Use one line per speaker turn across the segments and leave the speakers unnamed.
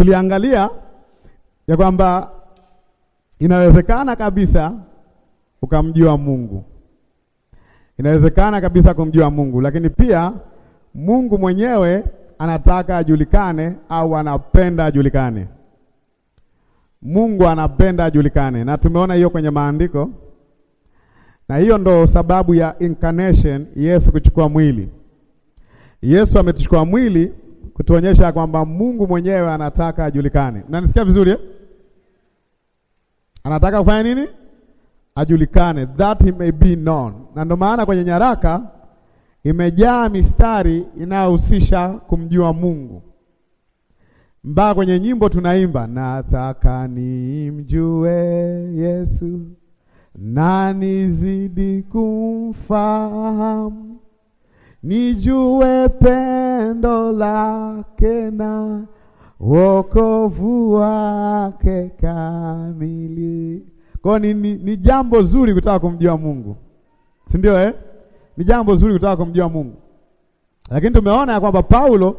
tuliangalia ya kwamba inawezekana kabisa ukamjua Mungu, inawezekana kabisa kumjua Mungu, lakini pia Mungu mwenyewe anataka ajulikane au anapenda ajulikane. Mungu anapenda ajulikane, na tumeona hiyo kwenye maandiko, na hiyo ndo sababu ya incarnation, Yesu kuchukua mwili. Yesu ametuchukua mwili kutuonyesha kwamba Mungu mwenyewe anataka ajulikane. Mnanisikia vizuri eh? Anataka kufanya nini? Ajulikane, that he may be known. Na ndio maana kwenye nyaraka imejaa mistari inayohusisha kumjua Mungu mpaka kwenye nyimbo tunaimba, nataka nimjue Yesu, nani zidi kumfahamu nijue pendo lake na wokovu wake kamili. Kwa ni, ni, ni jambo zuri kutaka kumjua Mungu, si ndio eh? Ni jambo zuri kutaka kumjua Mungu, lakini tumeona ya kwamba Paulo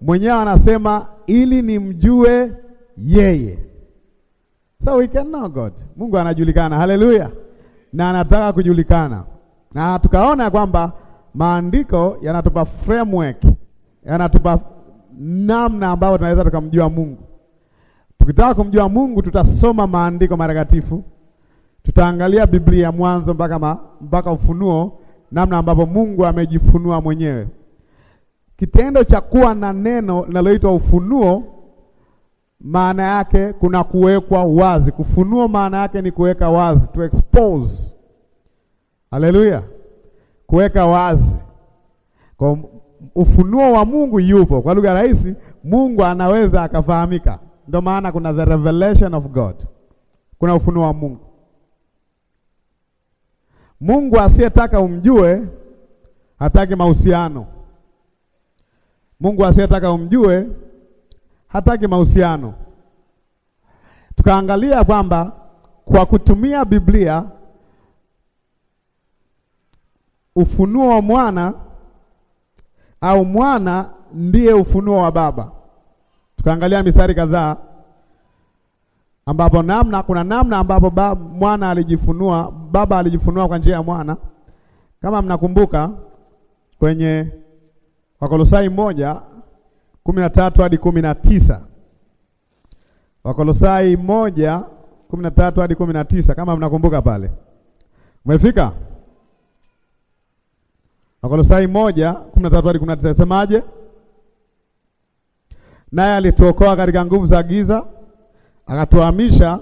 mwenyewe anasema ili nimjue yeye, so we can know God. Mungu anajulikana, haleluya, na anataka kujulikana, na tukaona kwamba Maandiko yanatupa framework, yanatupa namna ambayo tunaweza tukamjua Mungu. Tukitaka kumjua Mungu, tutasoma maandiko matakatifu, tutaangalia Biblia mwanzo mpaka ma, mpaka Ufunuo, namna ambapo Mungu amejifunua mwenyewe. Kitendo cha kuwa na neno linaloitwa ufunuo, maana yake kuna kuwekwa wazi. Kufunuo maana yake ni kuweka wazi, to expose. Haleluya kuweka wazi kwa ufunuo wa Mungu yupo. Kwa lugha rahisi, Mungu anaweza akafahamika. Ndio maana kuna the revelation of God, kuna ufunuo wa Mungu. Mungu asiyetaka umjue hataki mahusiano. Mungu asiyetaka umjue hataki mahusiano. Tukaangalia kwamba kwa kutumia Biblia ufunuo wa mwana au mwana ndiye ufunuo wa Baba. Tukaangalia mistari kadhaa ambapo namna kuna namna ambapo ba, mwana alijifunua Baba alijifunua kwa njia ya mwana. Kama mnakumbuka kwenye Wakolosai moja kumi na tatu hadi kumi na tisa Wakolosai moja kumi na tatu hadi kumi na tisa kama mnakumbuka pale, umefika Wakolosai moja kumi na tatu hadi kumi na tisa asemaje? Naye alituokoa katika nguvu za giza akatuhamisha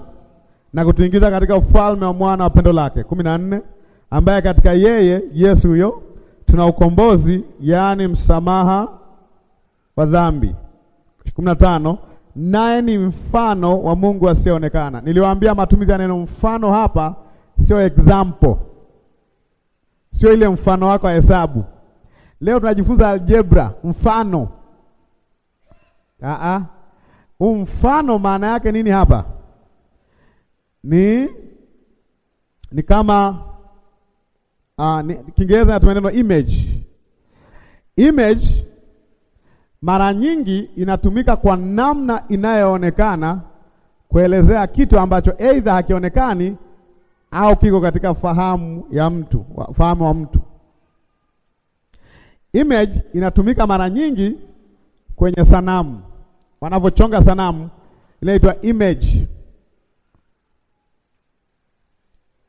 na kutuingiza katika ufalme wa mwana wa pendo lake. kumi na nne ambaye katika yeye Yesu huyo tuna ukombozi, yaani msamaha wa dhambi. kumi na tano naye ni mfano wa Mungu asiyeonekana. Niliwaambia matumizi ya neno mfano hapa sio example sio ile mfano wako wa hesabu. Leo tunajifunza aljebra, mfano. Aa, huu mfano maana yake nini hapa? Ni ni kama uh, Kiingereza natumia neno image. Image mara nyingi inatumika kwa namna inayoonekana kuelezea kitu ambacho aidha hakionekani au kiko katika fahamu ya mtu, fahamu wa mtu. Image inatumika mara nyingi kwenye sanamu, wanavyochonga sanamu inaitwa image.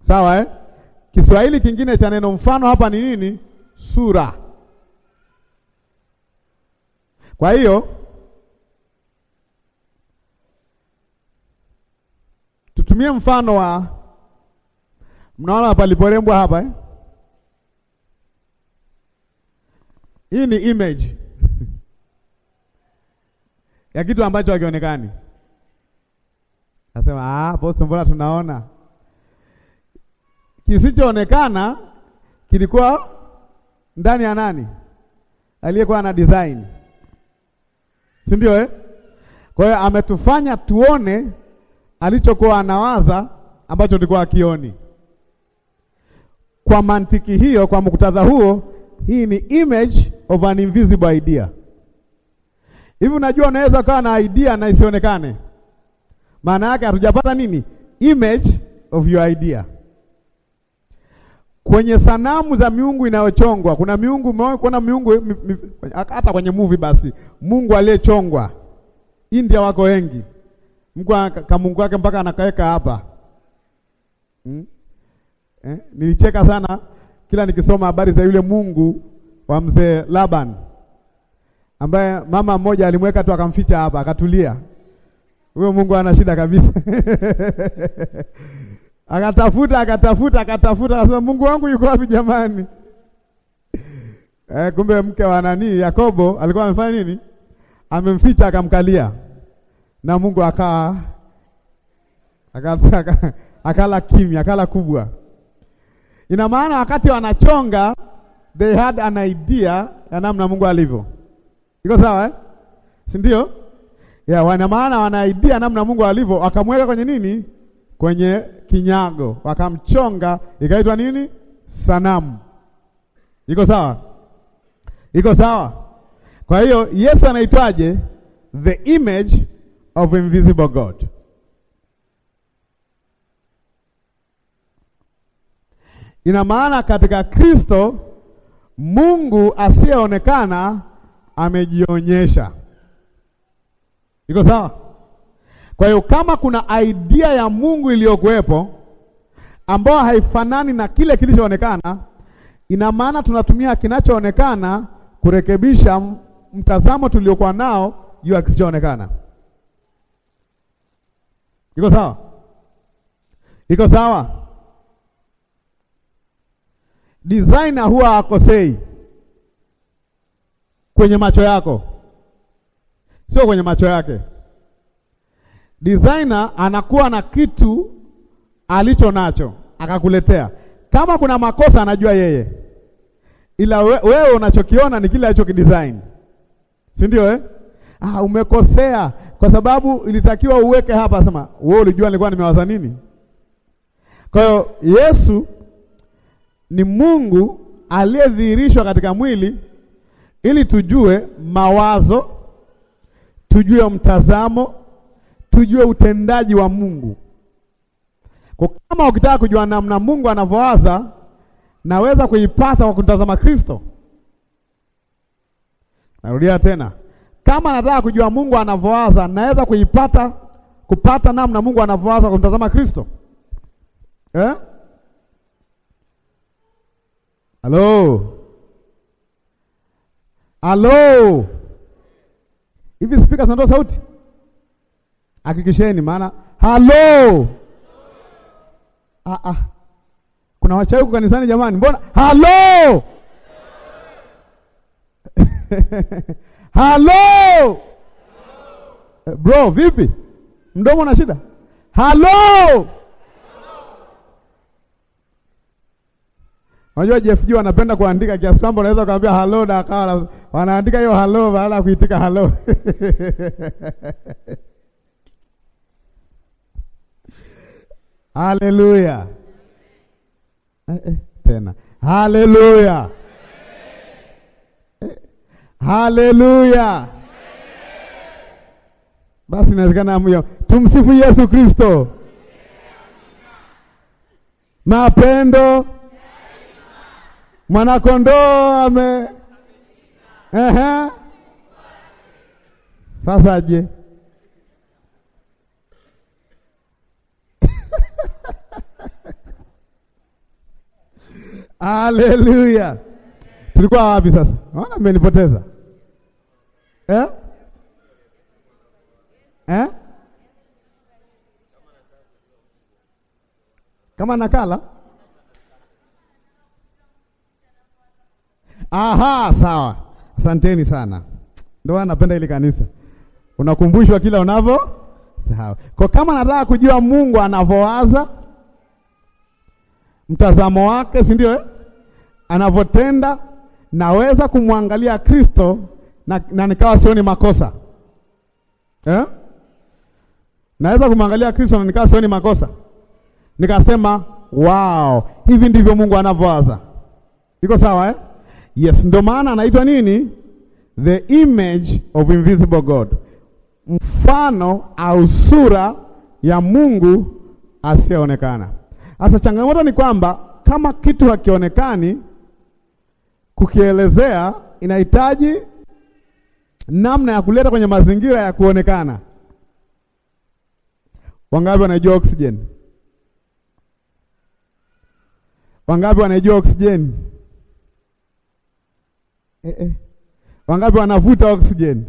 Sawa eh? Kiswahili kingine cha neno mfano hapa ni nini? Sura. Kwa hiyo tutumie mfano wa Mnaona paliporembwa hapa eh? Hii ni image ya kitu ambacho hakionekani. Nasema ah, posto, mbona tunaona kisichoonekana kilikuwa ndani ya nani aliyekuwa ana design, si ndio eh? Kwa hiyo ametufanya tuone alichokuwa anawaza ambacho tulikuwa akioni. Kwa mantiki hiyo, kwa muktadha huo, hii ni image of an invisible idea. Hivi unajua, unaweza ukawa na idea na isionekane. Maana yake hatujapata nini, image of your idea. Kwenye sanamu za miungu inayochongwa, kuna miungu, kuna kuona miungu hata kwenye movie? Basi mungu aliyechongwa India wako wengi, mungu kamungu wake mpaka anakaweka hapa hmm? eh? Nilicheka sana kila nikisoma habari za yule Mungu wa mzee Laban ambaye mama mmoja alimweka tu akamficha hapa akatulia. Huyo Mungu ana shida kabisa. Akatafuta akatafuta akatafuta, akasema Mungu wangu yuko wapi jamani? Eh, kumbe mke wa nani Yakobo alikuwa amefanya nini? Amemficha akamkalia, na Mungu akaa akala kimya, akala kubwa. Ina maana wakati wanachonga they had an idea ya namna Mungu alivyo. Iko sawa eh? Si ndio? Yeah, wana maana wana idea namna Mungu alivyo, wakamweka kwenye nini? Kwenye kinyago, wakamchonga, ikaitwa nini? Sanamu. Iko sawa? Iko sawa? Kwa hiyo Yesu anaitwaje? The image of invisible God. Ina maana katika Kristo Mungu asiyeonekana amejionyesha. Iko sawa? Kwa hiyo kama kuna idea ya Mungu iliyokuwepo ambayo haifanani na kile kilichoonekana, ina maana tunatumia kinachoonekana kurekebisha mtazamo tuliokuwa nao juu ya kisichoonekana. Iko sawa? Iko sawa? designer huwa akosei kwenye macho yako, sio kwenye macho yake. Designer anakuwa na kitu alicho nacho akakuletea. Kama kuna makosa anajua yeye, ila we, wewe unachokiona ni kile alichokidesign, si ndio eh? Ah, umekosea kwa sababu ilitakiwa uweke hapa. Sema wewe ulijua nilikuwa nimewaza nini? Kwa hiyo Yesu ni Mungu aliyedhihirishwa katika mwili ili tujue mawazo, tujue mtazamo, tujue utendaji wa Mungu. Kwa kama ukitaka kujua namna Mungu anavyowaza, naweza kuipata kwa kumtazama Kristo. Narudia tena, kama nataka kujua Mungu anavyowaza, naweza kuipata kupata namna Mungu anavyowaza kwa kumtazama Kristo eh? Halo, halo, hivi spika zinatoa sauti? Hakikisheni maana halo. Ah, ah. Kuna wachawi huko kanisani jamani, mbona halo? Halo eh, bro, vipi? Mdomo na shida? Halo. Unajua JFG wanapenda kuandika kiasi kwamba unaweza kumwambia hello na akawa wanaandika hiyo hello badala ya kuitika hello. Haleluya. Eh, eh, tena. Haleluya. Eh, haleluya. Basi inawezekana amuyo. Tumsifu Yesu Kristo. Mapendo mwanakondoo ame Ehe. Sasa je? Aleluya, Tulikuwa wapi sasa? Naona mmenipoteza. Eh? Eh? Kama nakala Aha, sawa. Asanteni sana. Ndio napenda ile kanisa. Unakumbushwa kila unavyo sawa. Kwa kama nataka kujua Mungu anavyowaza, mtazamo wake, si ndio eh? Anavyotenda, naweza kumwangalia Kristo na, na nikawa sioni makosa eh? Naweza kumwangalia Kristo na nikawa sioni makosa, nikasema wow, hivi ndivyo Mungu anavyowaza. Iko sawa eh? Yes, ndio maana anaitwa nini? The image of invisible God, mfano au sura ya Mungu asiyeonekana. Sasa changamoto ni kwamba kama kitu hakionekani, kukielezea inahitaji namna ya kuleta kwenye mazingira ya kuonekana. Wangapi wanajua oksijeni? Wangapi wanaijua oksijeni? eh, eh. Wangapi wanavuta oxygen?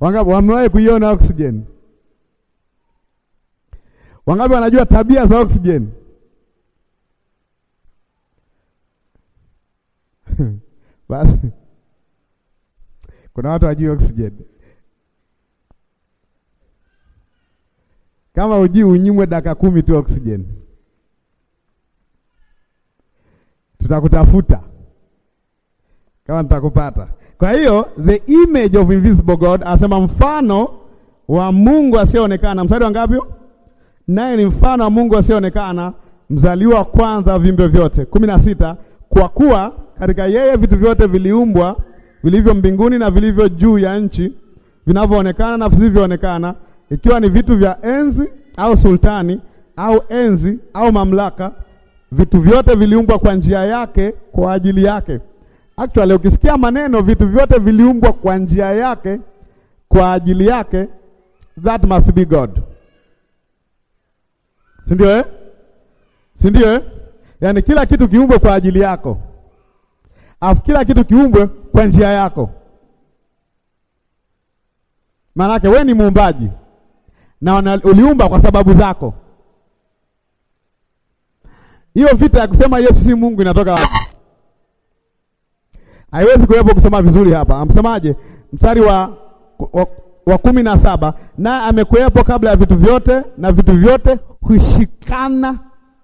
Wangapi wamewahi kuiona oxygen? Wangapi wanajua tabia za oksijeni? Basi kuna watu wajui oksijeni. Kama ujui, unyimwe dakika kumi tu oxygen, tutakutafuta kama nitakupata. Kwa hiyo the image of invisible God, asema mfano wa Mungu asiyeonekana. Mstari wa ngapi? Naye ni mfano wa Mungu asiyeonekana, mzaliwa kwanza viumbe vyote. kumi na sita. Kwa kuwa katika yeye vitu vyote viliumbwa, vilivyo mbinguni na vilivyo juu ya nchi, vinavyoonekana na visivyoonekana, ikiwa ni vitu vya enzi au sultani au enzi au mamlaka. Vitu vyote viliumbwa kwa njia yake, kwa ajili yake Actually ukisikia maneno vitu vyote viliumbwa kwa njia yake kwa ajili yake, that must be God, si ndio eh? si ndio eh? Yaani kila kitu kiumbwe kwa ajili yako, afu kila kitu kiumbwe kwa njia yako. Maanake we ni muumbaji na uliumba kwa sababu zako. Hiyo vita ya kusema Yesu si Mungu inatoka wapi? haiwezi kuwepo kusoma vizuri hapa. Amsemaje? mstari wa, wa, wa kumi na saba naye amekuwepo kabla ya vitu vyote na vitu vyote hushikana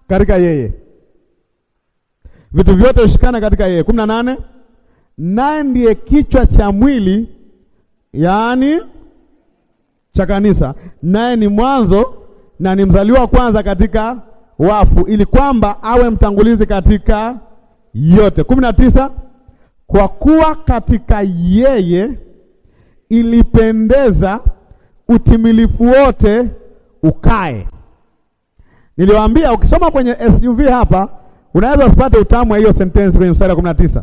katika yeye, vitu vyote hushikana katika yeye. kumi na nane naye ndiye kichwa cha mwili, yaani cha kanisa, naye ni mwanzo na ni mzaliwa kwanza katika wafu, ili kwamba awe mtangulizi katika yote. kumi na tisa kwa kuwa katika yeye ilipendeza utimilifu wote ukae. Niliwaambia ukisoma kwenye SUV hapa unaweza usipate utamu wa hiyo sentensi kwenye mstari wa 19.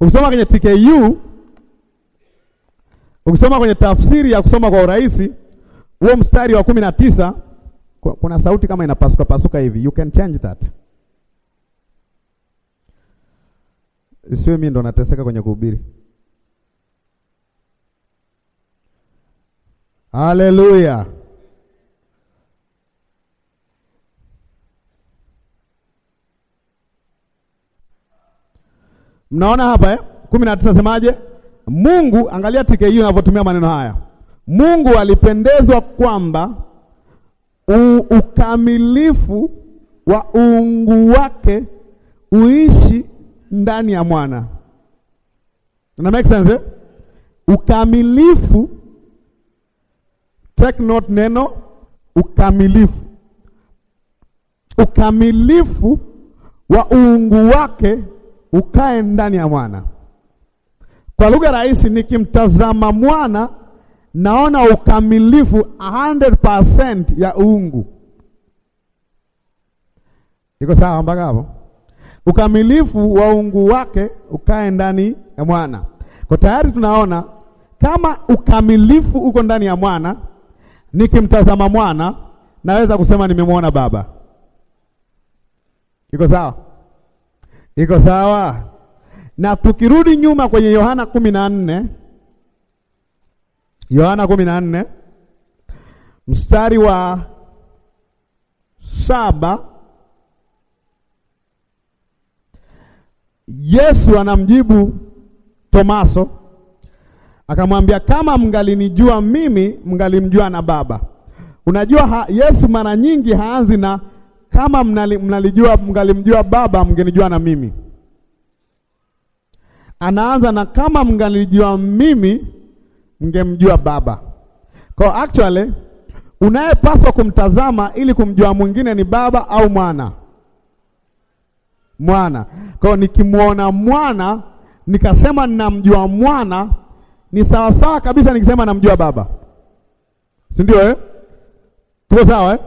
Ukisoma kwenye TKU, ukisoma kwenye tafsiri ya kusoma kwa urahisi, huo mstari wa 19 kuna sauti kama inapasuka pasuka hivi. You can change that. Sio mimi ndo nateseka kwenye kuhubiri. Haleluya. Mnaona hapa eh? kumi na tisa semaje? Mungu, angalia tike hiyo unavyotumia maneno haya. Mungu alipendezwa kwamba u, ukamilifu wa uungu wake uishi ndani ya mwana. Na make sense eh? Ukamilifu, take note neno ukamilifu, ukamilifu wa uungu wake ukae ndani ya mwana. Kwa lugha rahisi, nikimtazama mwana naona ukamilifu 100% ya uungu. Iko sawa mpaka hapo? ukamilifu wa uungu wake ukae ndani ya mwana. Kwa tayari tunaona kama ukamilifu uko ndani ya mwana, nikimtazama mwana naweza kusema nimemwona Baba. Iko sawa? Iko sawa. Na tukirudi nyuma kwenye Yohana kumi na nne Yohana kumi na nne mstari wa saba Yesu anamjibu Tomaso akamwambia, kama mngalinijua mimi mngalimjua na Baba. Unajua ha, Yesu mara nyingi haanzi na kama mnali, mnalijua mngalimjua Baba mngenijua na mimi. Anaanza na kama mngalijua mimi mngemjua Baba. Kwa actually unayepaswa kumtazama ili kumjua mwingine ni Baba au Mwana mwana. Kwa hiyo nikimwona mwana nikasema ninamjua mwana ni sawasawa kabisa nikisema namjua baba, si ndio eh? Tuko sawa eh?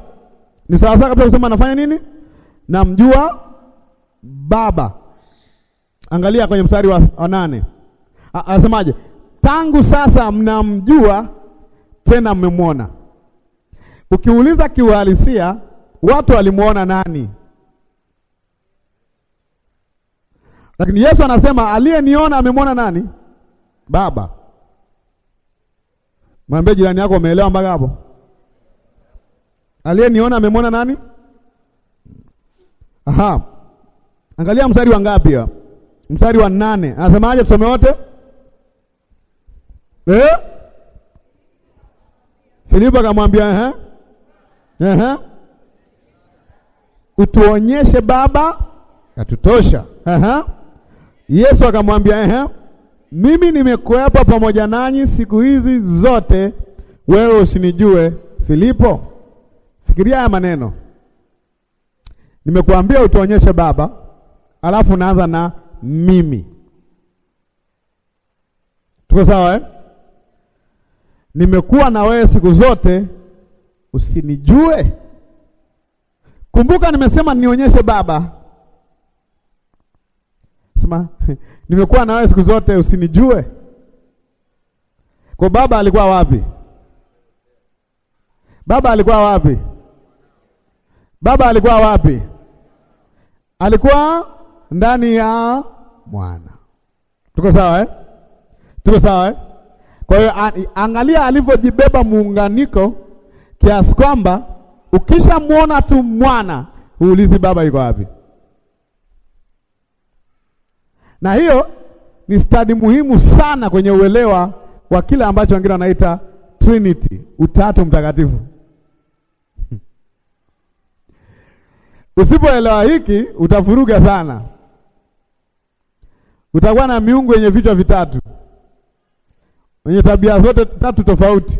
Ni sawasawa kabisa kusema nafanya nini, namjua baba. Angalia kwenye mstari wa nane anasemaje? Tangu sasa mnamjua tena mmemwona. Ukiuliza kiuhalisia, watu walimwona nani? Lakini Yesu anasema aliyeniona amemwona nani? Baba. Mwambie jirani yako, umeelewa mpaka hapo? Aliyeniona amemwona nani? Aha. Angalia mstari wa ngapi? Mstari wa nane. Anasemaje? Tusome wote. Eh? Filipo akamwambia ehe. Ehe. Utuonyeshe Baba, katutosha. -huh. Yesu akamwambia ehe, mimi nimekuwepo pamoja nanyi siku hizi zote, wewe usinijue Filipo? Fikiria haya maneno, nimekuambia utuonyeshe Baba, alafu unaanza na mimi. Tuko sawa eh? Nimekuwa na wewe siku zote, usinijue? Kumbuka nimesema nionyeshe Baba Simama. Nimekuwa na wewe siku zote usinijue. Kwa baba alikuwa wapi? Baba alikuwa wapi? Baba alikuwa wapi? Alikuwa ndani ya mwana. Tuko sawa eh? Tuko sawa eh? Kwa hiyo angalia alivyojibeba muunganiko kiasi kwamba ukishamwona tu mwana uulizi baba yuko wapi. na hiyo ni stadi muhimu sana kwenye uelewa wa kile ambacho wengine wanaita Trinity, utatu mtakatifu. Usipoelewa hiki utavuruga sana, utakuwa na miungu yenye vichwa vitatu, wenye tabia zote tatu tofauti: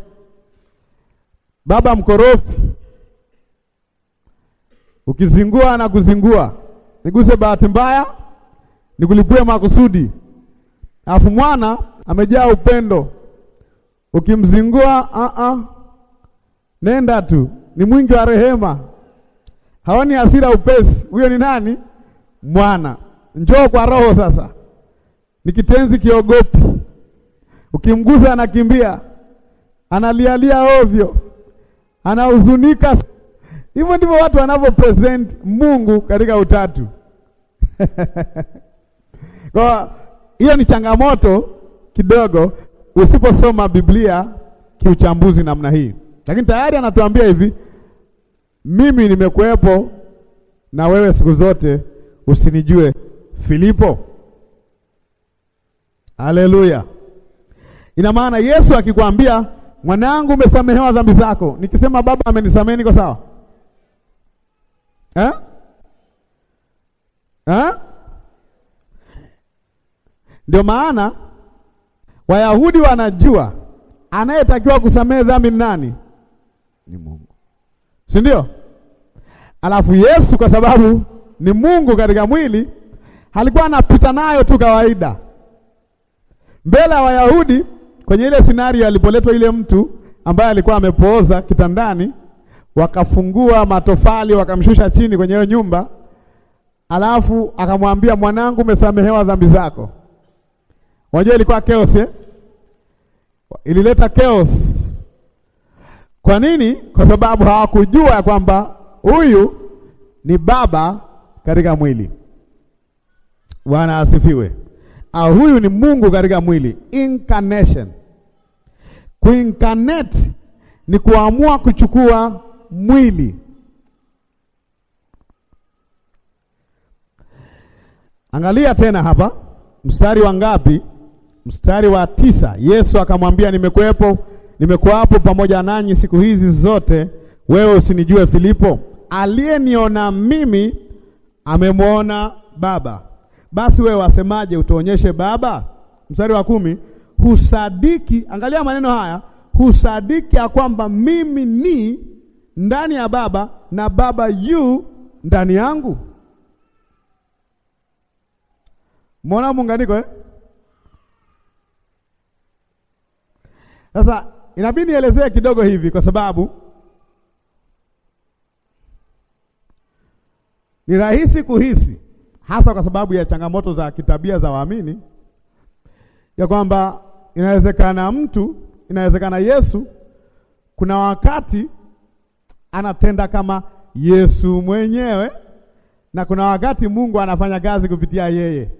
baba mkorofi, ukizingua na kuzingua, niguse bahati mbaya nikulipue makusudi. Alafu mwana amejaa upendo, ukimzingua a -uh. Uh-uh. nenda tu, ni mwingi wa rehema, haoni hasira upesi. Huyo ni nani? Mwana. Njoo kwa roho sasa, ni kitenzi kiogopi, ukimgusa anakimbia, analialia ovyo, anahuzunika. Hivyo ndivyo watu wanavyo present Mungu katika utatu Kwa hiyo ni changamoto kidogo usiposoma Biblia kiuchambuzi namna hii, lakini tayari anatuambia hivi, mimi nimekuwepo na wewe siku zote, usinijue Filipo. Haleluya! Ina maana Yesu akikwambia mwanangu, umesamehewa dhambi zako, nikisema baba amenisamehe, niko sawa eh? Eh? Ndio maana Wayahudi wanajua anayetakiwa kusamehe dhambi ni nani? Ni Mungu, si ndio? Alafu Yesu kwa sababu ni Mungu katika mwili, alikuwa anapita nayo tu kawaida mbele ya Wayahudi kwenye ile scenario alipoletwa ile mtu ambaye alikuwa amepooza kitandani, wakafungua matofali wakamshusha chini kwenye hiyo nyumba, alafu akamwambia mwanangu, umesamehewa dhambi zako. Unajua ilikuwa chaos eh? Ilileta chaos. Kwa nini? Kwa sababu hawakujua kwamba huyu ni baba katika mwili. Bwana asifiwe. Au ah, huyu ni Mungu katika mwili, incarnation. Kuincarnate ni kuamua kuchukua mwili. Angalia tena hapa mstari wa ngapi? mstari wa tisa, Yesu akamwambia nimekuwepo, nimekuwa hapo pamoja nanyi siku hizi zote, wewe usinijue Filipo? Aliyeniona mimi amemwona Baba, basi wewe wasemaje utuonyeshe Baba? Mstari wa kumi, husadiki. Angalia maneno haya, husadiki ya kwamba mimi ni ndani ya Baba na Baba yu ndani yangu. Mwona muunganiko eh? Sasa inabidi nielezee kidogo hivi, kwa sababu ni rahisi kuhisi, hasa kwa sababu ya changamoto za kitabia za waamini, ya kwamba inawezekana mtu, inawezekana Yesu kuna wakati anatenda kama Yesu mwenyewe na kuna wakati Mungu anafanya kazi kupitia yeye.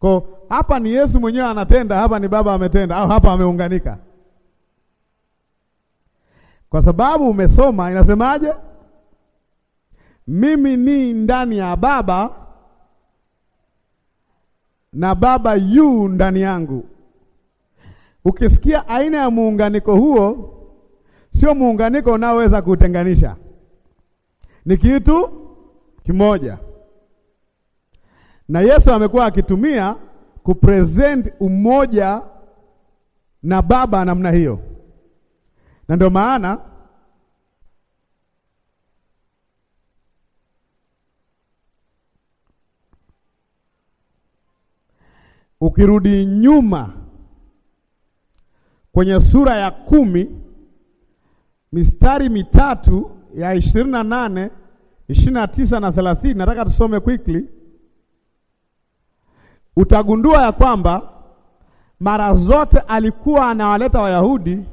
Kwa hapa ni Yesu mwenyewe anatenda, hapa ni Baba ametenda, au hapa ameunganika. Kwa sababu umesoma inasemaje? Mimi ni ndani ya Baba na Baba yu ndani yangu. Ukisikia aina ya muunganiko huo, sio muunganiko unaoweza kuutenganisha, ni kitu kimoja na Yesu amekuwa akitumia kupresent umoja na Baba namna hiyo, na ndio maana ukirudi nyuma kwenye sura ya kumi mistari mitatu ya ishirini na nane ishirini na tisa na thelathini nataka tusome quickly utagundua ya kwamba mara zote alikuwa anawaleta Wayahudi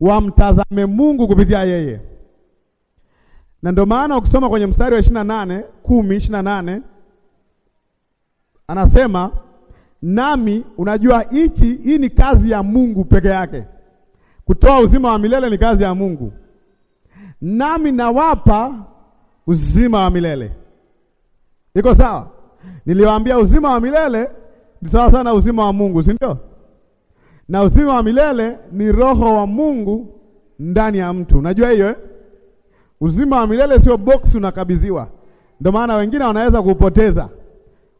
wamtazame Mungu kupitia yeye, na ndio maana ukisoma kwenye mstari wa ishirini na nane kumi ishirini na nane anasema nami, unajua hichi hii ni kazi ya Mungu peke yake, kutoa uzima wa milele ni kazi ya Mungu, nami nawapa uzima wa milele. Iko sawa? Niliwaambia uzima wa milele ni sawa sana uzima wa Mungu, si ndio? Na uzima wa milele ni roho wa Mungu ndani ya mtu. Unajua hiyo eh? Uzima wa milele sio box unakabidhiwa. Ndio maana wengine wanaweza kupoteza.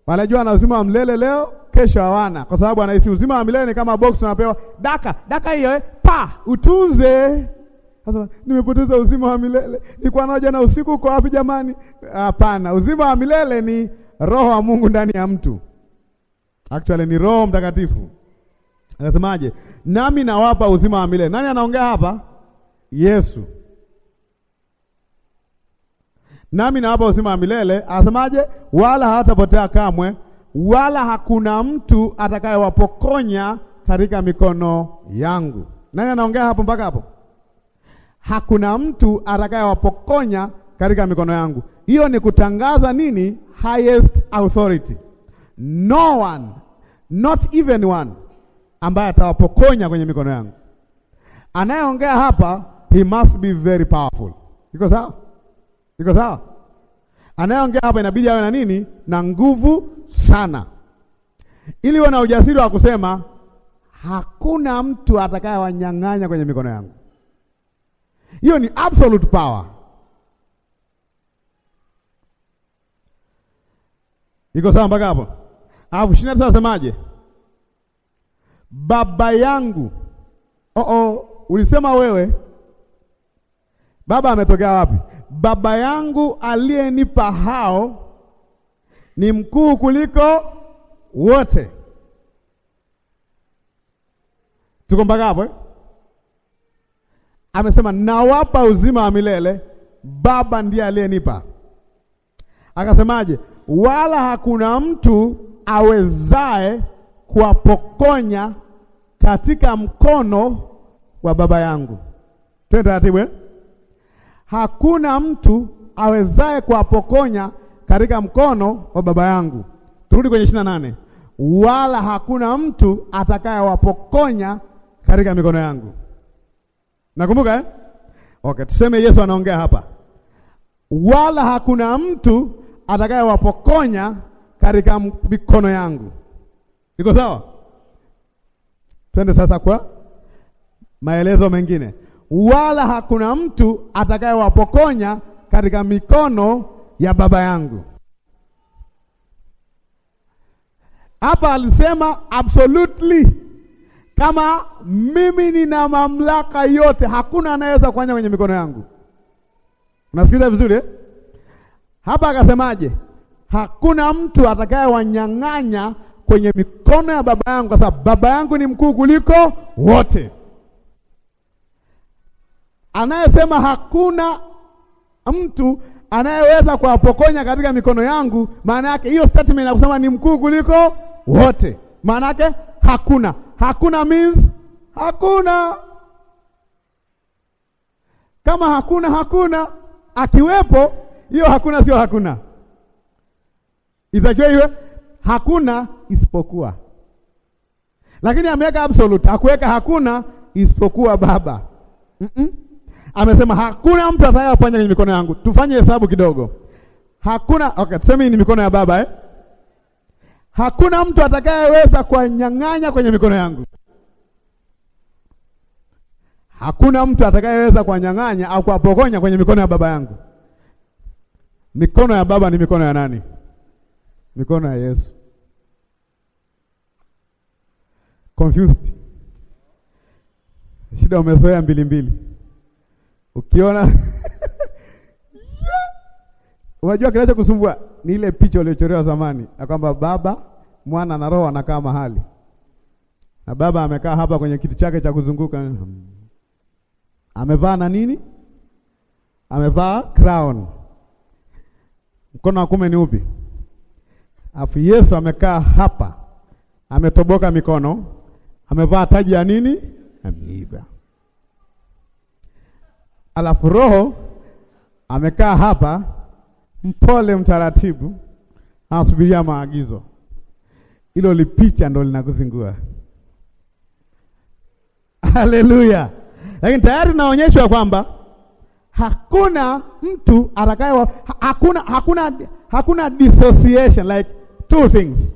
Wanajua na uzima wa milele leo, kesho hawana, kwa sababu anahisi uzima wa milele ni kama box unapewa daka daka hiyo eh? Pa utunze. Sasa nimepoteza uzima wa milele, nilikuwa naoja na usiku, uko wapi jamani? Hapana, uzima wa milele ni roho wa Mungu ndani ya mtu. Actually ni Roho Mtakatifu. Anasemaje? Nami nawapa uzima wa milele. Nani anaongea hapa? Yesu. Nami nawapa uzima wa milele. Anasemaje? Wala hatapotea kamwe, wala hakuna mtu atakayewapokonya katika mikono yangu. Nani anaongea hapo mpaka hapo? Hakuna mtu atakayewapokonya katika mikono yangu. Hiyo ni kutangaza nini? Highest authority. No one, not even one, ambaye atawapokonya kwenye mikono yangu. Anayeongea hapa, he must be very powerful. Iko sawa? Iko sawa? Anayeongea hapa inabidi awe na nini? Na nguvu sana, ili uwe na ujasiri wa kusema hakuna mtu atakayewanyang'anya kwenye mikono yangu. Hiyo ni absolute power. Iko sawa mpaka hapo? Alafu ishirini na tisa asemaje? Baba yangu oh -oh, ulisema wewe baba ametokea wapi? Baba yangu aliyenipa hao ni mkuu kuliko wote. Tuko mpaka hapo eh? Amesema nawapa uzima wa milele, baba ndiye aliyenipa. Akasemaje? wala hakuna mtu awezaye kuwapokonya katika mkono wa Baba yangu. Twende taratibu. Eh? Hakuna mtu awezaye kuwapokonya katika mkono wa Baba yangu. Turudi kwenye ishirini na nane. Wala hakuna mtu atakayewapokonya katika mikono yangu. Nakumbuka eh? Okay, tuseme Yesu anaongea hapa. Wala hakuna mtu atakayewapokonya katika mikono yangu. Iko sawa? Twende sasa kwa maelezo mengine. Wala hakuna mtu atakayewapokonya katika mikono ya Baba yangu. Hapa alisema absolutely, kama mimi nina mamlaka yote, hakuna anayeweza kufanya kwenye mikono yangu. Unasikiza vizuri eh? Hapa akasemaje? Hakuna mtu atakayewanyang'anya kwenye mikono ya Baba yangu, kwa sababu Baba yangu ni mkuu kuliko wote. Anayesema hakuna mtu anayeweza kuwapokonya katika mikono yangu, maana yake hiyo statement ya kusema ni mkuu kuliko wote, maana yake hakuna. Hakuna means hakuna. Kama hakuna, hakuna akiwepo hiyo hakuna, sio hakuna, itakiwa iwe hakuna isipokuwa. Lakini ameweka absolute, hakuweka hakuna isipokuwa Baba. mm -mm. Amesema hakuna mtu atakayefanya kwenye mikono yangu. Tufanye hesabu kidogo. Hakuna, okay, tuseme hii ni mikono ya Baba eh? Hakuna mtu atakayeweza kuwanyang'anya kwenye mikono yangu. Hakuna mtu atakayeweza kuwanyang'anya au kuwapokonya kwenye mikono ya Baba yangu. Mikono ya baba ni mikono ya nani? Mikono ya Yesu. Confused. Shida umezoea mbili mbili. Ukiona unajua kinachokusumbua ni ile picha uliochorewa zamani, na kwamba Baba, Mwana na Roho wanakaa mahali, na Baba amekaa hapa kwenye kiti chake cha kuzunguka, hmm. amevaa na nini? Amevaa crown Mkono wa kume ni upi? Afu Yesu amekaa hapa, ametoboka mikono, amevaa taji ya nini? ameiba Alafu Roho amekaa hapa, mpole, mtaratibu, anasubiria maagizo. Hilo lipicha ndo linakuzingua. Haleluya! Lakini tayari naonyeshwa kwamba hakuna mtu atakaye hakuna, hakuna, hakuna dissociation like two things.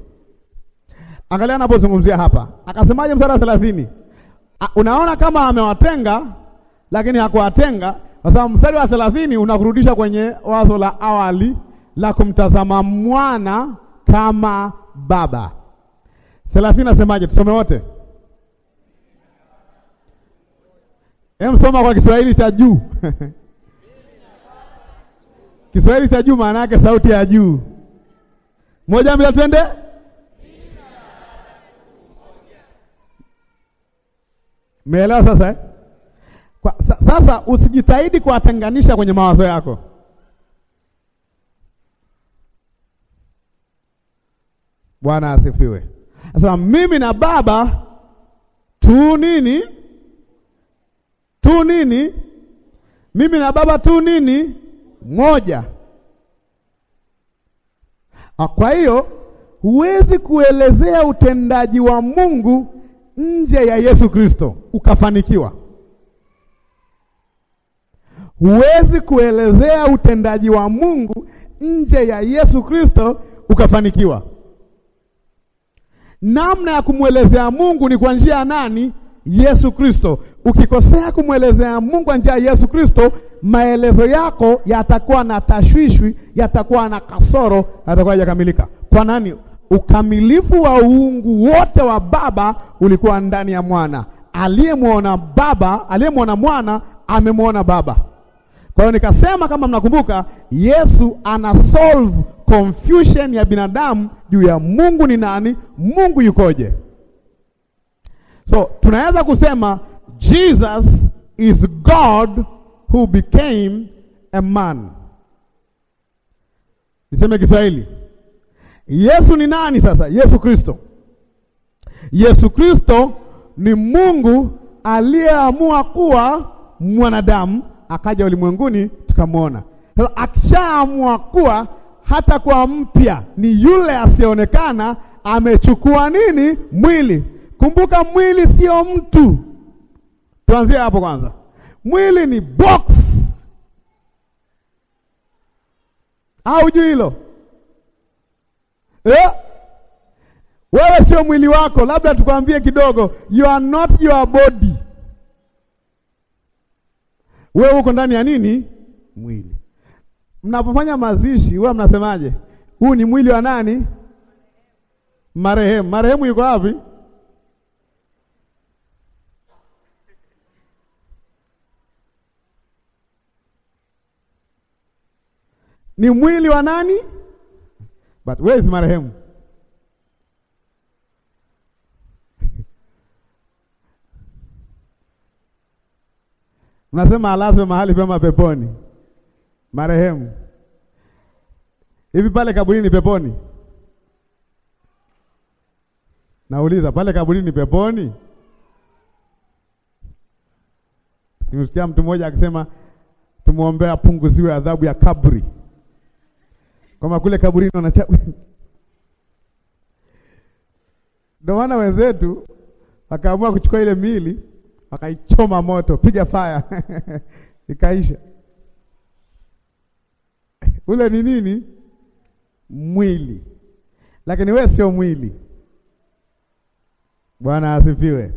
Angalia anapozungumzia hapa, akasemaje mstari wa thelathini? Unaona kama amewatenga lakini hakuwatenga kwa sababu mstari wa thelathini unakurudisha kwenye wazo la awali la kumtazama mwana kama baba. Thelathini nasemaje? Tusome wote, emsoma kwa Kiswahili cha juu Kiswahili cha juu maana yake sauti ya juu. Moja mbili, twende. Meelewa sasa eh? Kwa, sa, sasa usijitahidi kuwatenganisha kwenye mawazo yako. Bwana asifiwe. Sasa mimi na Baba tu nini? Tu nini? Mimi na Baba tu nini? moja. Ah, kwa hiyo huwezi kuelezea utendaji wa Mungu nje ya Yesu Kristo ukafanikiwa. Huwezi kuelezea utendaji wa Mungu nje ya Yesu Kristo ukafanikiwa. Namna ya kumwelezea Mungu ni kwa njia ya nani? Yesu Kristo. Ukikosea kumwelezea Mungu kwa njia ya Yesu Kristo, maelezo yako yatakuwa na tashwishwi, yatakuwa na kasoro, yatakuwa hayakamilika. Kwa nani? Ukamilifu wa uungu wote wa Baba ulikuwa ndani ya Mwana. Aliyemwona Baba, aliyemwona Mwana amemwona Baba. Kwa hiyo nikasema, kama mnakumbuka, Yesu ana solve confusion ya binadamu juu ya Mungu ni nani, Mungu yukoje. So tunaweza kusema Jesus is God who became a man. Niseme Kiswahili. Yesu ni nani sasa? Yesu Kristo. Yesu Kristo ni Mungu aliyeamua kuwa mwanadamu akaja ulimwenguni tukamwona. Sasa akishaamua kuwa hata kwa mpya ni yule asiyeonekana amechukua nini? Mwili. Kumbuka mwili sio mtu. Tuanzie hapo kwanza. Mwili ni box. Au juu hilo eh? Wewe sio mwili wako, labda tukwambie kidogo, you are not your body. Wewe uko ndani ya nini? Mwili. Mnapofanya mazishi, wewe mnasemaje? Huu ni mwili wa nani? Marehemu. Marehemu yuko wapi? ni mwili wa nani? But where is marehemu? Mnasema alazwe mahali pema peponi, marehemu. Hivi pale kaburini peponi? Nauliza, pale kaburini peponi? Nimesikia mtu mmoja akisema tumuombea apunguziwe adhabu ya kaburi. Kama kule kaburini wanachapa. Ndio maana wenzetu wakaamua kuchukua ile miili wakaichoma moto, piga faya ikaisha. Ule ni nini? Mwili, lakini wewe sio mwili. Bwana asifiwe!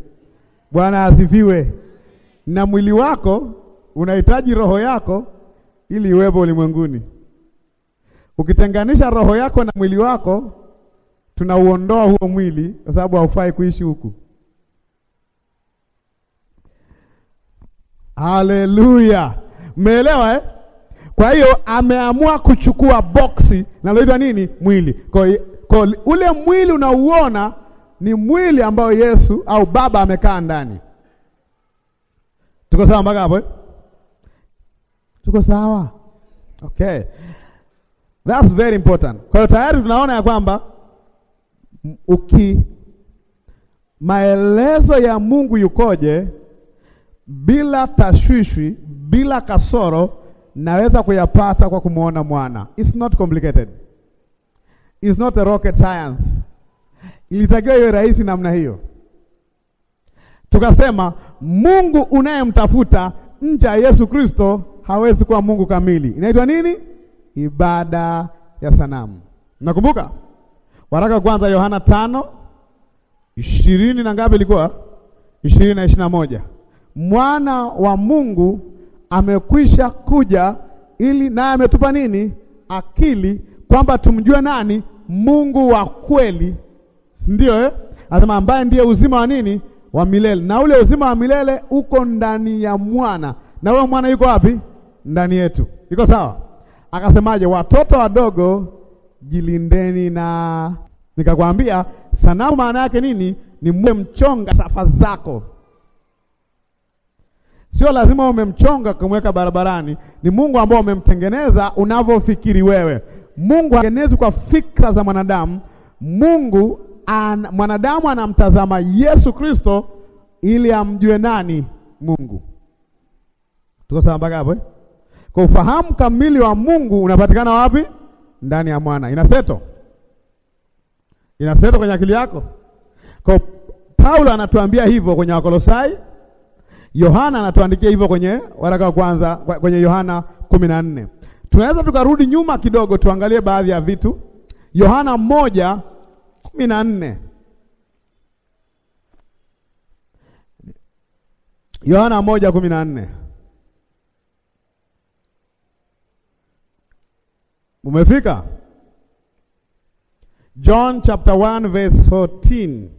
Bwana asifiwe! Na mwili wako unahitaji roho yako ili iwepo ulimwenguni. Ukitenganisha roho yako na mwili wako, tunauondoa huo mwili, kwa sababu haufai kuishi huku. Haleluya, mmeelewa eh? Kwa hiyo ameamua kuchukua boksi linaloitwa nini? Mwili. Kwa kwa ule mwili unauona ni mwili ambao Yesu au Baba amekaa ndani. Tuko sawa mpaka hapo eh? Tuko sawa, okay. That's very important. Kwa hiyo tayari tunaona ya kwamba uki maelezo ya Mungu yukoje bila tashwishwi, bila kasoro, naweza kuyapata kwa kumwona mwana. It's not complicated. It's not a rocket science. Ilitakiwa iwe rahisi namna hiyo. Tukasema Mungu unayemtafuta nje ya Yesu Kristo hawezi kuwa Mungu kamili. Inaitwa nini? ibada ya sanamu. Nakumbuka waraka kwanza Yohana tano ishirini na ngapi ilikuwa ishirini na ishirini na moja mwana wa Mungu amekwisha kuja ili naye ametupa nini? Akili kwamba tumjue nani? Mungu wa kweli, ndio eh? Anasema ambaye ndiye uzima wa nini? Wa milele. Na ule uzima wa milele uko ndani ya mwana, na huyo mwana yuko wapi? Ndani yetu. Iko sawa? Akasemaje? Watoto wadogo jilindeni na nikakwambia sanamu maana yake nini? Ni mwe mchonga safa zako. Sio lazima umemchonga kumweka barabarani, ni Mungu ambao umemtengeneza unavyofikiri wewe. Mungu hatengenezwi kwa fikra za mwanadamu. Mungu an, mwanadamu anamtazama Yesu Kristo ili amjue nani Mungu. Tuko sawa mpaka hapo eh? Kwa ufahamu kamili wa Mungu unapatikana wapi? Ndani ya mwana. Inaseto, inaseto kwenye akili yako. Kwa Paulo anatuambia hivyo kwenye Wakolosai, Yohana anatuandikia hivyo kwenye waraka wa kwanza, kwenye Yohana kumi na nne. Tunaweza tukarudi nyuma kidogo tuangalie baadhi ya vitu. Yohana moja kumi na nne Yohana moja kumi na nne Umefika? John chapter 1 verse 14.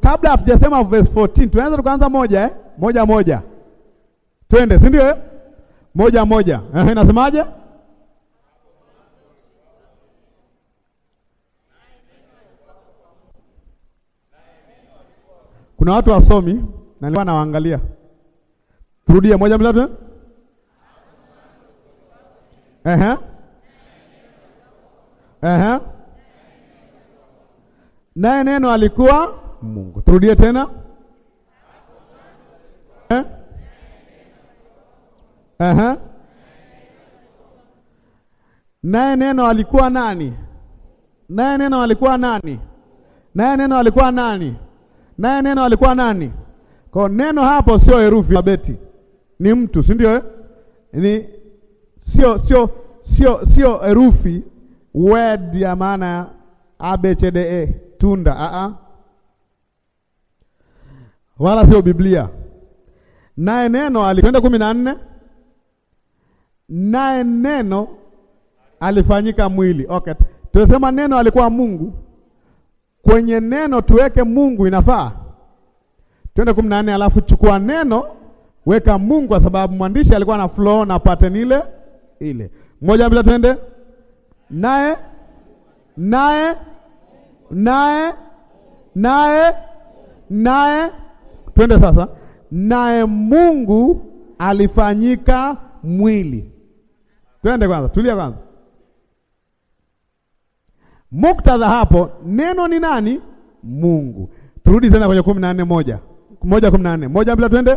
Kabla hatujasema verse 14, tuenza tukaanza moja eh? Moja moja. Twende, si ndio? Eh? Moja moja. Eh, inasemaje? Kuna watu wasomi na nilikuwa nawaangalia. Turudie moja moja. Uhum. Uhum. Naye neno alikuwa Mungu. Turudie tena. Eh? Naye neno alikuwa nani? Naye neno alikuwa nani? Naye neno alikuwa nani? Naye neno alikuwa nani? Kwa neno hapo sio herufi abeti, ni mtu, si ndio? Eh? Ni sio sio sio sio herufi word ya maana ya e tunda a a wala sio Biblia. Naye neno alikwenda kumi na nne naye neno alifanyika mwili. Okay, tunasema neno alikuwa Mungu, kwenye neno tuweke Mungu inafaa. Twende kumi na nne alafu chukua neno weka Mungu, kwa sababu mwandishi alikuwa na flow na pattern ile ile. Moja bila twende naye naye naye naye naye, twende sasa. Naye Mungu alifanyika mwili. Twende kwanza, tulia kwanza. Muktadha hapo, neno ni nani? Mungu. Turudi tena kwenye kumi na nne moja moja kumi na nne moja bila twende.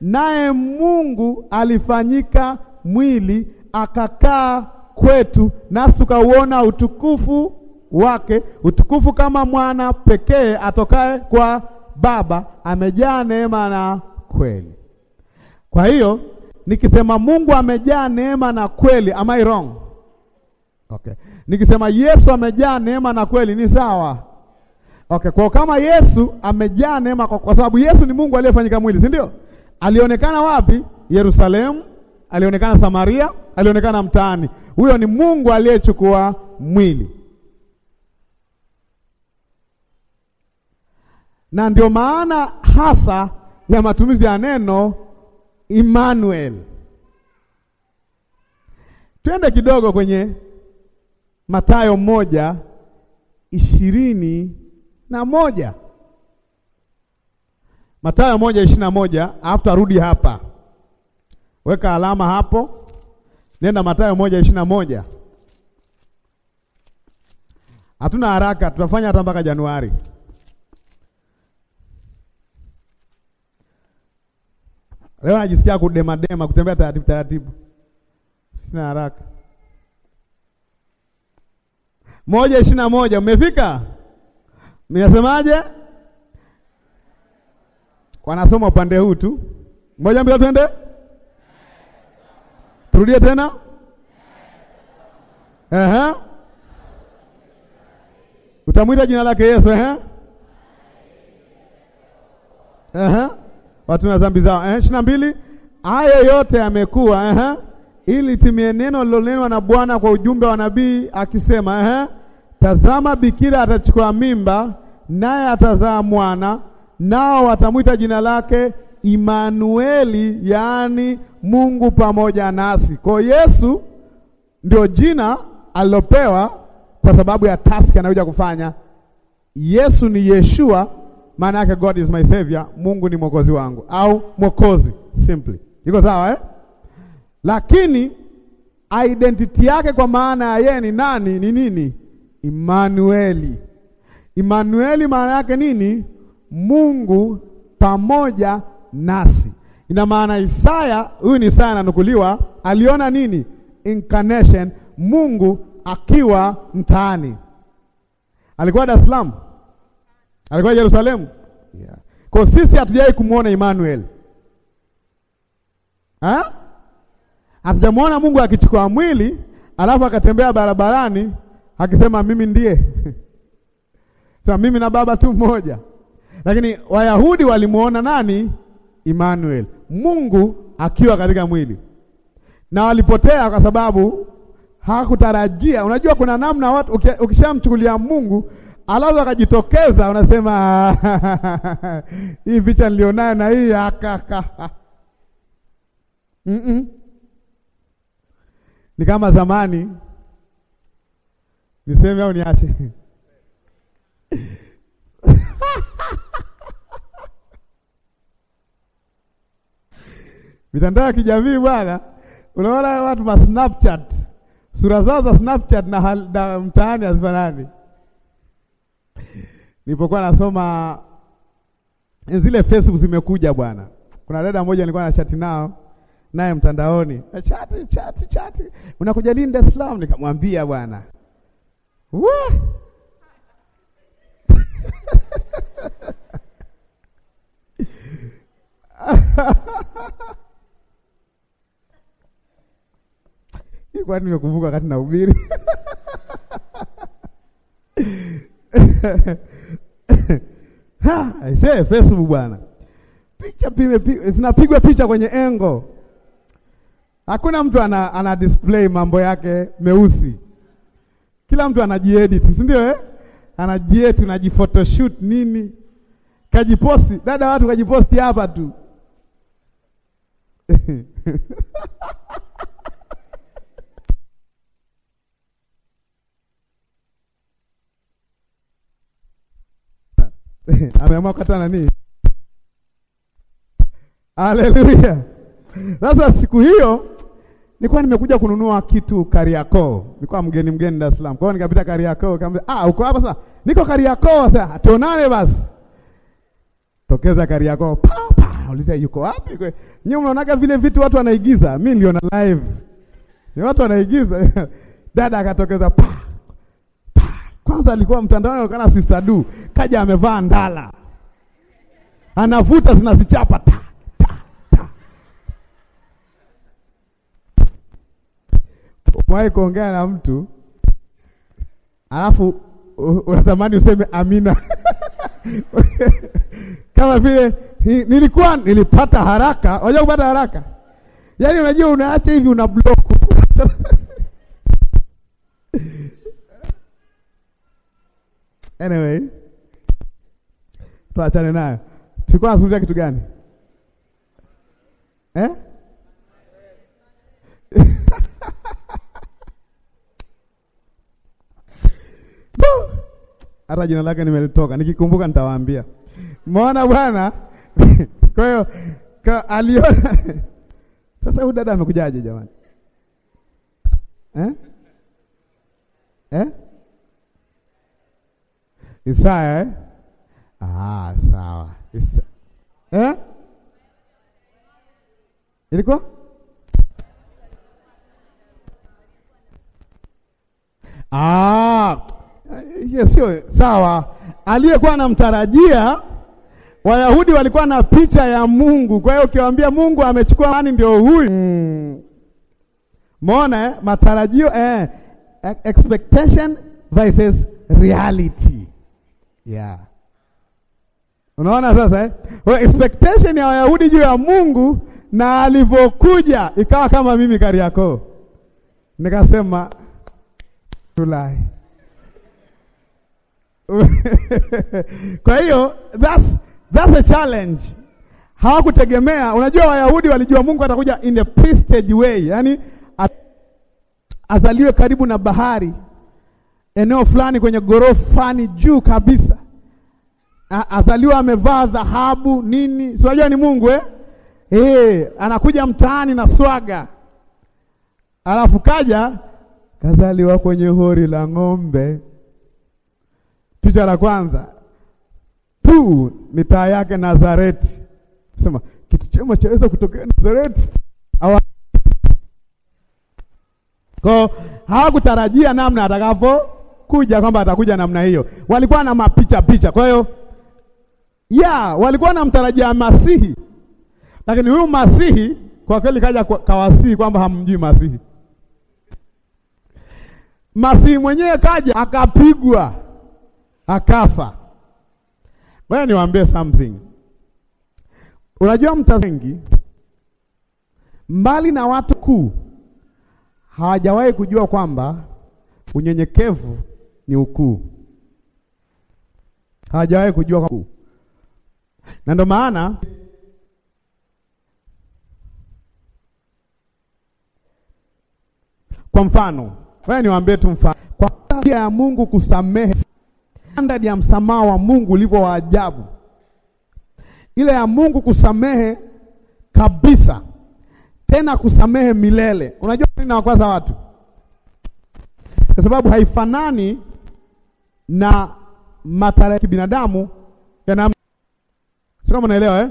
Naye Mungu alifanyika mwili akakaa kwetu, nasi tukauona utukufu wake, utukufu kama mwana pekee atokaye kwa Baba, amejaa neema na kweli. Kwa hiyo nikisema Mungu amejaa neema na kweli, am I wrong? Okay. Nikisema Yesu amejaa neema na kweli ni sawa? Okay, kwa kama Yesu amejaa neema kwa, kwa sababu Yesu ni Mungu aliyefanyika mwili, si ndio? Alionekana wapi? Yerusalemu alionekana Samaria, alionekana mtaani. Huyo ni Mungu aliyechukua mwili, na ndio maana hasa ya matumizi ya neno Emmanuel. Twende kidogo kwenye Mathayo moja ishirini na moja Mathayo moja ishirini na moja alafu tarudi hapa. Weka alama hapo, nenda Mathayo moja ishirini na moja. Hatuna haraka, tutafanya hata mpaka Januari. Leo najisikia kudemadema, kutembea taratibu taratibu, sina haraka. Moja ishirini na moja, mmefika? Mnasemaje? Wanasoma upande huu tu, moja mbili, twende Turudia tena. Aha. Utamwita jina lake Yesu, eh? Eh? Watu na dhambi zao. Eh, ishirini na mbili. Hayo yote yamekuwa, eh? Ili timie neno lilonenwa na Bwana kwa ujumbe wa nabii akisema, eh? Tazama bikira atachukua mimba, naye atazaa mwana, nao watamwita jina lake Imanueli, yaani Mungu pamoja nasi. Kwa Yesu ndio jina alilopewa kwa sababu ya taski anayokuja kufanya. Yesu ni Yeshua, maana yake God is my savior, Mungu ni mwokozi wangu au mwokozi simply. Iko sawa eh? Lakini identity yake kwa maana ya yeye ni nani ni nini? Imanueli. Imanueli maana yake nini? Mungu pamoja nasi. Ina maana Isaya, huyu ni Isaya ananukuliwa, aliona nini? Incarnation, Mungu akiwa mtaani. Alikuwa Dar es Salaam? Alikuwa Yerusalemu? Yeah. Kwa sisi hatujai kumwona Emmanuel. Ha? Hatujamwona Mungu akichukua mwili alafu akatembea barabarani akisema mimi ndiye. Sasa mimi na Baba tu mmoja. Lakini Wayahudi walimwona nani? Emmanuel, Mungu akiwa katika mwili. Na walipotea kwa sababu hawakutarajia. Unajua, kuna namna watu ukishamchukulia Mungu alafu akajitokeza, unasema hii vicha nilionayo na hii akaka ah, mm -mm. Ni kama zamani, niseme au niache? mitandao ya kijamii bwana, unaona watu ma Snapchat, sura zao za Snapchat na, na mtaani hazifanani. Nilipokuwa nasoma zile Facebook zimekuja bwana, kuna dada mmoja nilikuwa na chati nao naye mtandaoni, chati chati chati, unakuja lini Dar es Salaam? Nikamwambia bwana ilikuwa nimekumbuka wakati na ubiri aisee, Facebook bwana, picha zinapigwa picha kwenye engo. Hakuna mtu ana, ana display mambo yake meusi, kila mtu anajiedit, si ndio eh? Anajiedit, unajiphotoshoot nini, kajiposti dada, watu kajiposti hapa tu ameamua kukata nani. Haleluya! Sasa siku hiyo nilikuwa nimekuja kununua kitu Kariakoo, nilikuwa mgeni mgeni Dar es Salaam, kwa hiyo nikapita Kariakoo. Kama ah, uko hapa sasa? Niko Kariakoo, sasa tuonane basi. Tokeza Kariakoo, pa pa, uliza yuko wapi? Kwa nyinyi mnaonaga vile vitu watu wanaigiza, mimi niliona live, ni watu wanaigiza. Dada akatokeza pa kwanza alikuwa mtandaoni, anaonekana Sister Du, kaja amevaa ndala, anavuta zinazichapa ta ta ta. Umewahi kuongea na mtu alafu unatamani useme amina kama vile nilikuwa nilipata haraka. Unajua kupata haraka, yaani unajua unaacha hivi, una block Anyway, tuachane nayo. Tulikuwa tunazungumzia kitu gani eh? hata jina lake nimelitoka, nikikumbuka nitawaambia. Umeona bwana? Kwa hiyo aliona sasa, huyu dada amekujaje jamani eh? Eh? Isaya eh? Ah, sawa Isa... eh? ilikuwa ah, yes, sio sawa. Aliyekuwa anamtarajia Wayahudi walikuwa na picha ya Mungu, kwa hiyo ukiwaambia Mungu amechukua nani, ndio huyu mm. Mona eh? matarajio eh, expectation versus reality yeah. Unaona sasa eh? Well, expectation ya Wayahudi juu ya Mungu na alivyokuja ikawa kama mimi Kariakoo. Nikasema tulai. Kwa hiyo that's that's a challenge. Hawakutegemea, unajua Wayahudi walijua Mungu atakuja in a priestly way, yani azaliwe karibu na bahari eneo fulani kwenye gorofani juu kabisa, azaliwa amevaa dhahabu nini, si unajua ni Mungu eh? Eh, anakuja mtaani na swaga, alafu kaja kazaliwa kwenye hori la ng'ombe. Picha la kwanza tu mitaa yake Nazareti, sema kitu chema chaweza kutokea Nazareti Kwa hawakutarajia namna atakapo kuja kwamba atakuja namna hiyo, walikuwa na mapicha picha. Kwa hiyo ya walikuwa na mtarajia Masihi, lakini huyu Masihi kwa kweli kaja kwa, kawasihi kwamba hamjui Masihi. Masihi mwenyewe kaja akapigwa akafa. Ngoja niwaambie something. Unajua mtazengi mbali na watu kuu hawajawahi kujua kwamba unyenyekevu ni ukuu, Hajawahi kujua kwa ukuu, na ndio maana kwa mfano wewe, niwaambie tu mfano kwa ya Mungu kusamehe, standard ya msamaha wa Mungu ulivyo wa ajabu, ile ya Mungu kusamehe kabisa, tena kusamehe milele. Unajua nini? Nawakwaza watu kwa sababu haifanani na matara ya kibinadamu yana sio kama naelewa eh?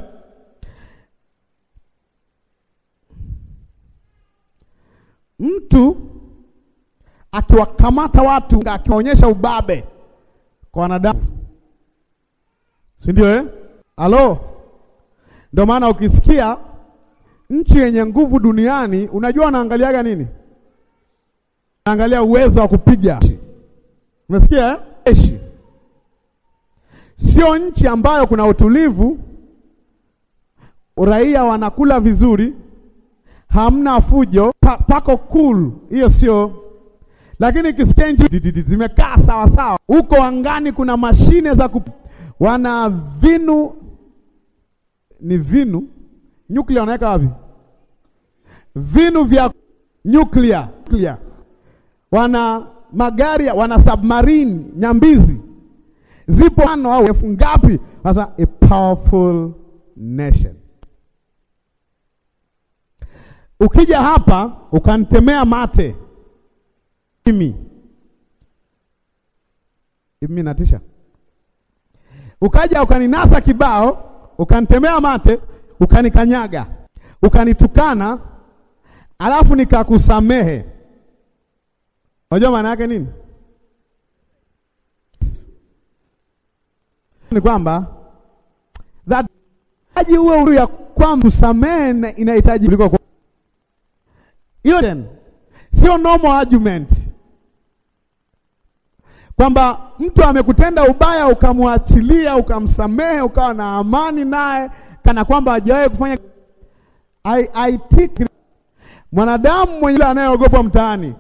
Mtu akiwakamata watu akiwaonyesha ubabe kwa wanadamu, si ndio eh? Halo, ndio maana ukisikia nchi yenye nguvu duniani unajua wanaangaliaga nini? Naangalia uwezo wa kupiga. Umesikia eh? Eshi. Sio nchi ambayo kuna utulivu, raia wanakula vizuri, hamna fujo, pa, pako cool. Hiyo sio lakini ikisikia nchi zimekaa sawa sawa, huko angani kuna mashine za kup... wana vinu ni vinu nyuklia, wanaweka wapi vinu vya nyuklia, wana magari wana submarine nyambizi zipo ano au elfu ngapi? Sasa a powerful nation. Ukija hapa ukanitemea mate mimi mimi natisha, ukaja ukaninasa kibao, ukanitemea mate, ukanikanyaga, ukanitukana, alafu nikakusamehe Unajua maana yake nini? Ni kwamba that aji uwe uru ya kwamba kusamehe inahitaji kuliko hiyo then sio normal argument kwamba mtu amekutenda ubaya ukamwachilia ukamsamehe ukawa na amani naye kana kwamba hajawahi kufanya I, I think mwanadamu mwenye anayeogopa mtaani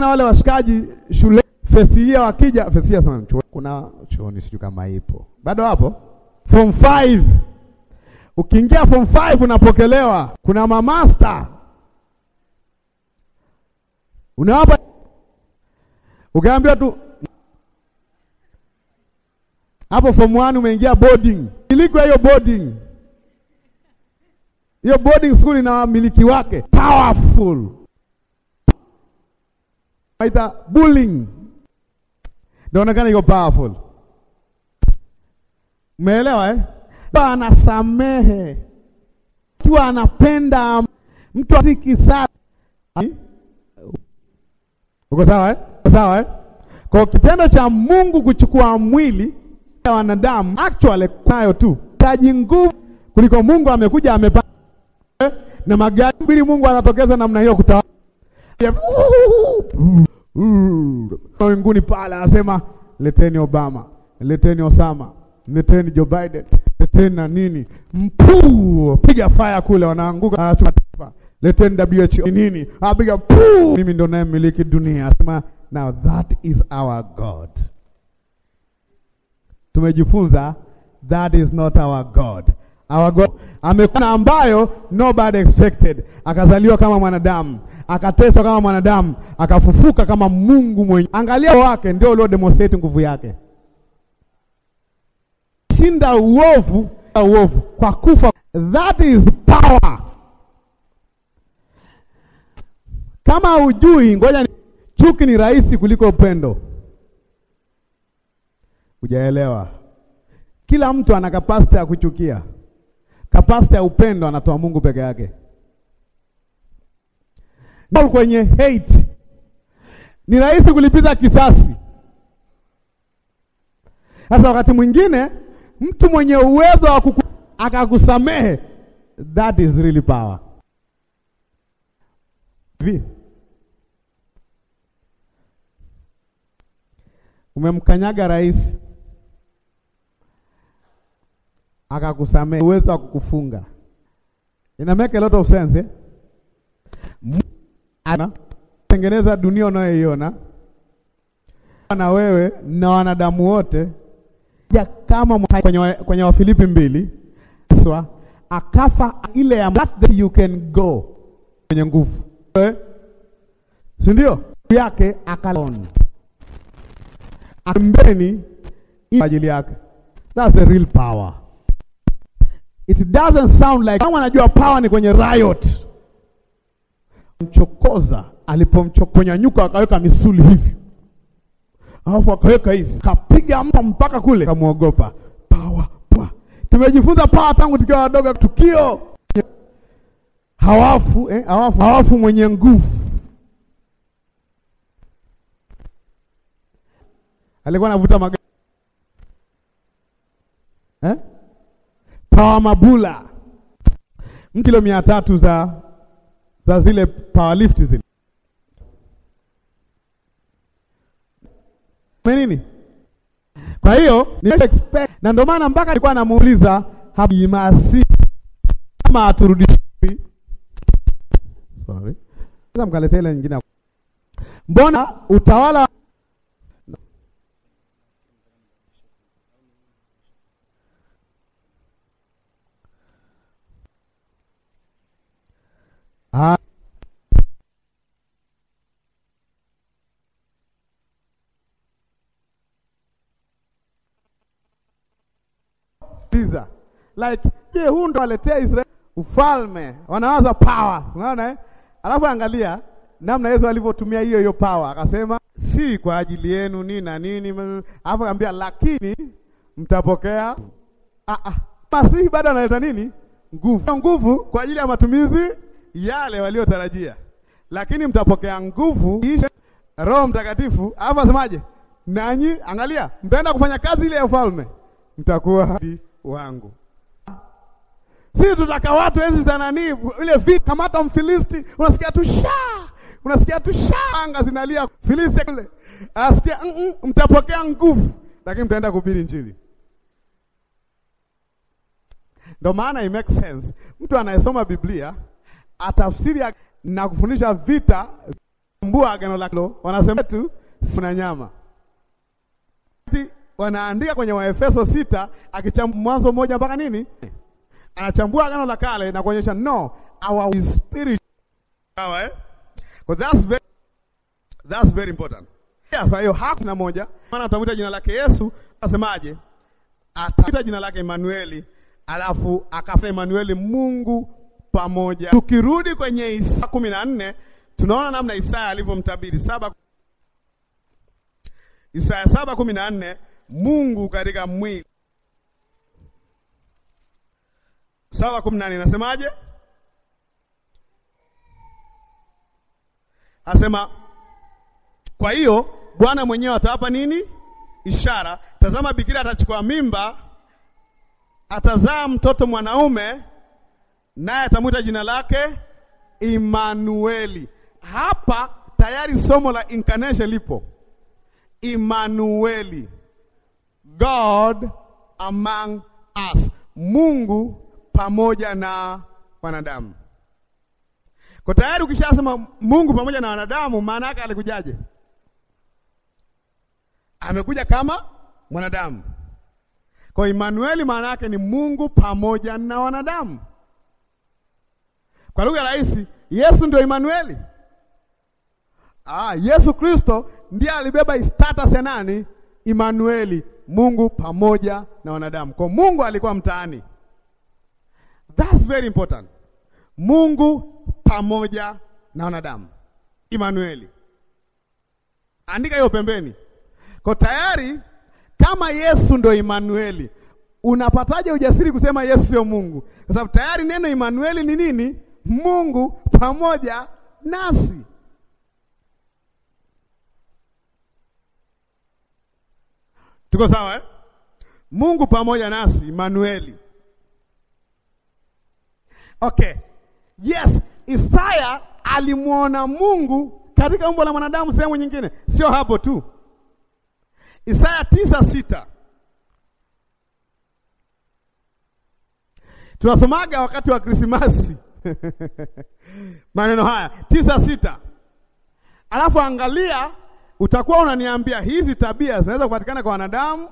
maana wale washikaji shule fesiia wakija fesiia sana chuo, kuna chuoni sijui kama ipo bado hapo form 5 ukiingia form 5 unapokelewa, kuna mamasta unawapa, ukaambiwa tu hapo form 1 umeingia boarding, ilikwa hiyo boarding hiyo boarding school ina wamiliki wake powerful Aita bullying. Naonekana iko powerful. Umeelewa eh? Baba anasamehe. Kiwa anapenda mtu asiki sana. Uko sawa eh? Uko sawa eh? Kwa kitendo cha Mungu kuchukua mwili ya wanadamu actually kwayo tu taji nguvu kuliko Mungu amekuja amepanda eh? na magari mbili Mungu anatokeza namna hiyo kutawala mbinguni pale, anasema leteni Obama, leteni Osama, leteni Joe Biden, leteni na nini, mpuu piga faya kule, wanaanguka taifa. Leteni WHO nini, apiga puu, mimi ndo naye mmiliki dunia. Anasema now that is our God. Tumejifunza that is not our God. Our amekuwa ambayo nobody expected, akazaliwa kama mwanadamu, akateswa kama mwanadamu, akafufuka kama Mungu mwenyewe. Angalia wake ndio ulio demonstrate nguvu yake, shinda uovu, uovu kwa kufa. That is power. Kama hujui, ngoja ni chuki ni rahisi kuliko upendo. Hujaelewa, kila mtu ana kapasiti ya kuchukia. Kapasiti ya upendo anatoa Mungu peke yake. Kwenye hate ni rahisi kulipiza kisasi. Sasa wakati mwingine mtu mwenye uwezo wa akakusamehe, that is really power. Vi umemkanyaga rais akakusamehe, uwezo wa kukufunga. Ina make a lot of sense eh? Ana tengeneza dunia unayoiona na wewe na wanadamu wote ya kama kwenye, kwenye Wafilipi mbili swa akafa ile ya that you can go kwenye nguvu eh? si ndio yake akalon ambeni kwa ajili yake, that's a real power It doesn't sound like kama anajua power ni kwenye riot. Mchokoza alipomchokonya nyuka akaweka misuli hivi. Alafu akaweka hivi. Kapiga mpa mpaka kule kamwogopa. Power, pwa. Tumejifunza power tangu tukiwa wadogo tukio. Hawafu, eh, hawafu, hawafu mwenye nguvu. Alikuwa anavuta magari. Eh? Mtawamabula mabula mkilo mia tatu za za zile powerlift zile nini. Kwa hiyo ni expect, na ndio maana mpaka alikuwa anamuuliza Haimasi kama aturudishwi, sorry, sasa mkaletea ile nyingine, mbona utawala Ah. Like, je, huu ndo waletea Israeli ufalme? Wanawaza power, unaona eh? Alafu angalia namna Yesu alivyotumia hiyo hiyo power, akasema si kwa ajili yenu nini na nini, alafu akaambia lakini mtapokea ah, ah. Masihi bado analeta nini? Nguvu, nguvu kwa ajili ya matumizi yale waliotarajia, lakini mtapokea nguvu kisha Roho Mtakatifu. Alafu asemaje? Nanyi angalia, mtaenda kufanya kazi ile ya ufalme, mtakuwa wangu. Sisi tutaka watu enzi za nani, ile vita, kamata Mfilisti, unasikia tu sha, unasikia tu sha, anga zinalia Filisti kule, asikia mm -mm, mtapokea nguvu, lakini mtaenda kuhubiri Injili. Ndio maana it makes sense mtu anayesoma Biblia atafsiri na kufundisha vita mbua agano kilo wanasema tu sina nyama. Wanaandika kwenye Waefeso sita akichambua Mwanzo mmoja mpaka nini, anachambua agano la kale na kuonyesha no our spirit sawa, eh well, that's very, that's very important yeah. Kwa hiyo hapo na moja, maana utamwita jina lake Yesu, asemaje? atamuita jina lake Emanueli, alafu akafa Emanueli, Mungu pamoja. Tukirudi kwenye Isaya kumi na nne tunaona namna Isaya alivyomtabiri saba Isaya saba kumi na nne Mungu katika mwili saba kumi na nne inasemaje? Asema, kwa hiyo Bwana mwenyewe atawapa nini? Ishara. Tazama, bikira atachukua mimba, atazaa mtoto mwanaume naye atamwita jina lake Imanueli. Hapa tayari somo la incarnation lipo. Imanueli, God among us, Mungu pamoja na wanadamu. Kwa tayari ukishasema Mungu pamoja na wanadamu, maana yake alikujaje? Amekuja kama mwanadamu. Kwa Imanueli maana yake ni Mungu pamoja na wanadamu. Kwa lugha rahisi, Yesu ndio Emanueli. Ah, Yesu Kristo ndiye alibeba status ya nani? Emanueli, Mungu pamoja na wanadamu. Kwa Mungu alikuwa mtaani. That's very important. Mungu pamoja na wanadamu. Emanueli. Andika hiyo pembeni. Kwa tayari kama Yesu ndio Emanueli, unapataje ujasiri kusema Yesu sio Mungu? Kwa sababu tayari neno Emanueli ni nini? Mungu pamoja nasi. Tuko sawa eh? Mungu pamoja nasi, Immanueli. Okay. Yes, Isaya alimwona Mungu katika umbo la mwanadamu sehemu nyingine, sio hapo tu. Isaya tisa sita tunasomaga wakati wa Krismasi maneno haya tisa sita. Alafu angalia, utakuwa unaniambia hizi tabia zinaweza kupatikana kwa wanadamu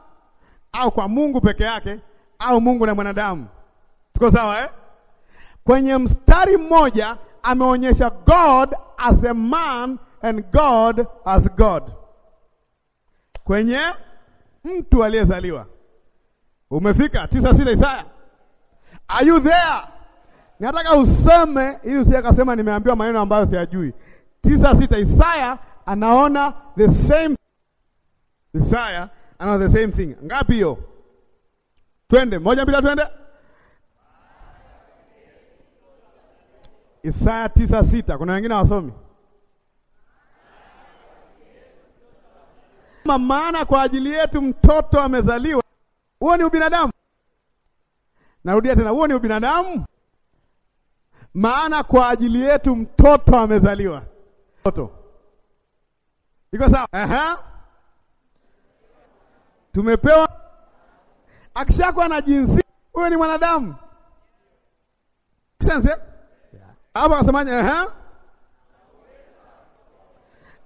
au kwa Mungu peke yake au Mungu na mwanadamu. Tuko sawa eh? Kwenye mstari mmoja ameonyesha God as a man and God as God kwenye mtu aliyezaliwa. Umefika tisa sita, Isaya. Are you there? Nataka useme ili usije akasema nimeambiwa maneno ambayo siyajui. Tisa sita Isaya anaona the same Isaya anaona the same thing. Ngapi hiyo? Twende moja bila twende. Isaya tisa sita. Kuna wengine wasomi maana kwa ajili yetu mtoto amezaliwa. Huo ni ubinadamu. Narudia tena, huo ni ubinadamu maana kwa ajili yetu mtoto amezaliwa. Mtoto iko sawa? Aha, tumepewa. Akishakuwa na jinsi, wewe ni mwanadamu. Sense hapo asemaje? Aha,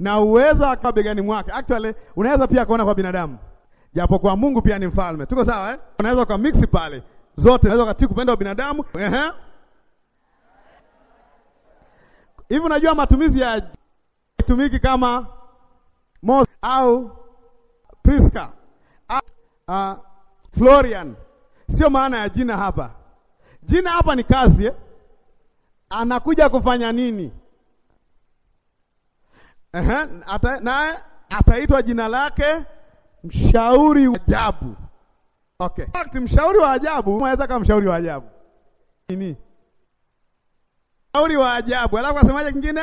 na uwezo akawa begani mwake. Actually unaweza pia kuona kwa binadamu, japo kwa Mungu pia ni mfalme. Tuko sawa eh? Unaweza mix pale zote, unaweza kati kupenda wa binadamu. Aha. Hivi unajua matumizi ya itumiki kama Mos au Priska uh, Florian sio maana ya jina hapa. Jina hapa ni kazi eh? Anakuja kufanya nini? Ehe, ata, naye ataitwa jina lake mshauri wa ajabu. Okay. Mshauri wa ajabu, unaweza kama mshauri wa ajabu. Nini? Ushauri wa ajabu. Alafu asemaje kingine?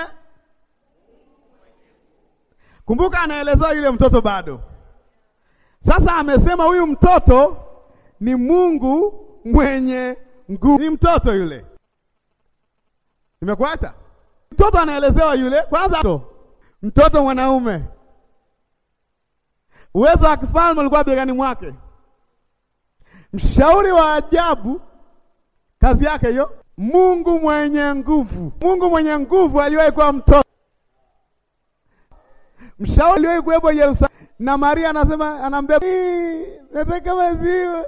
Kumbuka anaelezea yule mtoto bado. Sasa amesema huyu mtoto ni Mungu mwenye nguvu. Ni mtoto yule. Nimekuacha. Mtoto anaelezewa yule kwanza mtoto, mtoto mwanaume. Uwezo wa kifalme ulikuwa begani mwake. Mshauri wa ajabu kazi yake hiyo. Mungu mwenye nguvu, Mungu mwenye nguvu aliwahi kuwa mtoto, mshauri aliwahi kuwepo Yerusalemu, na Maria anasema anambeba, nataka maziwa.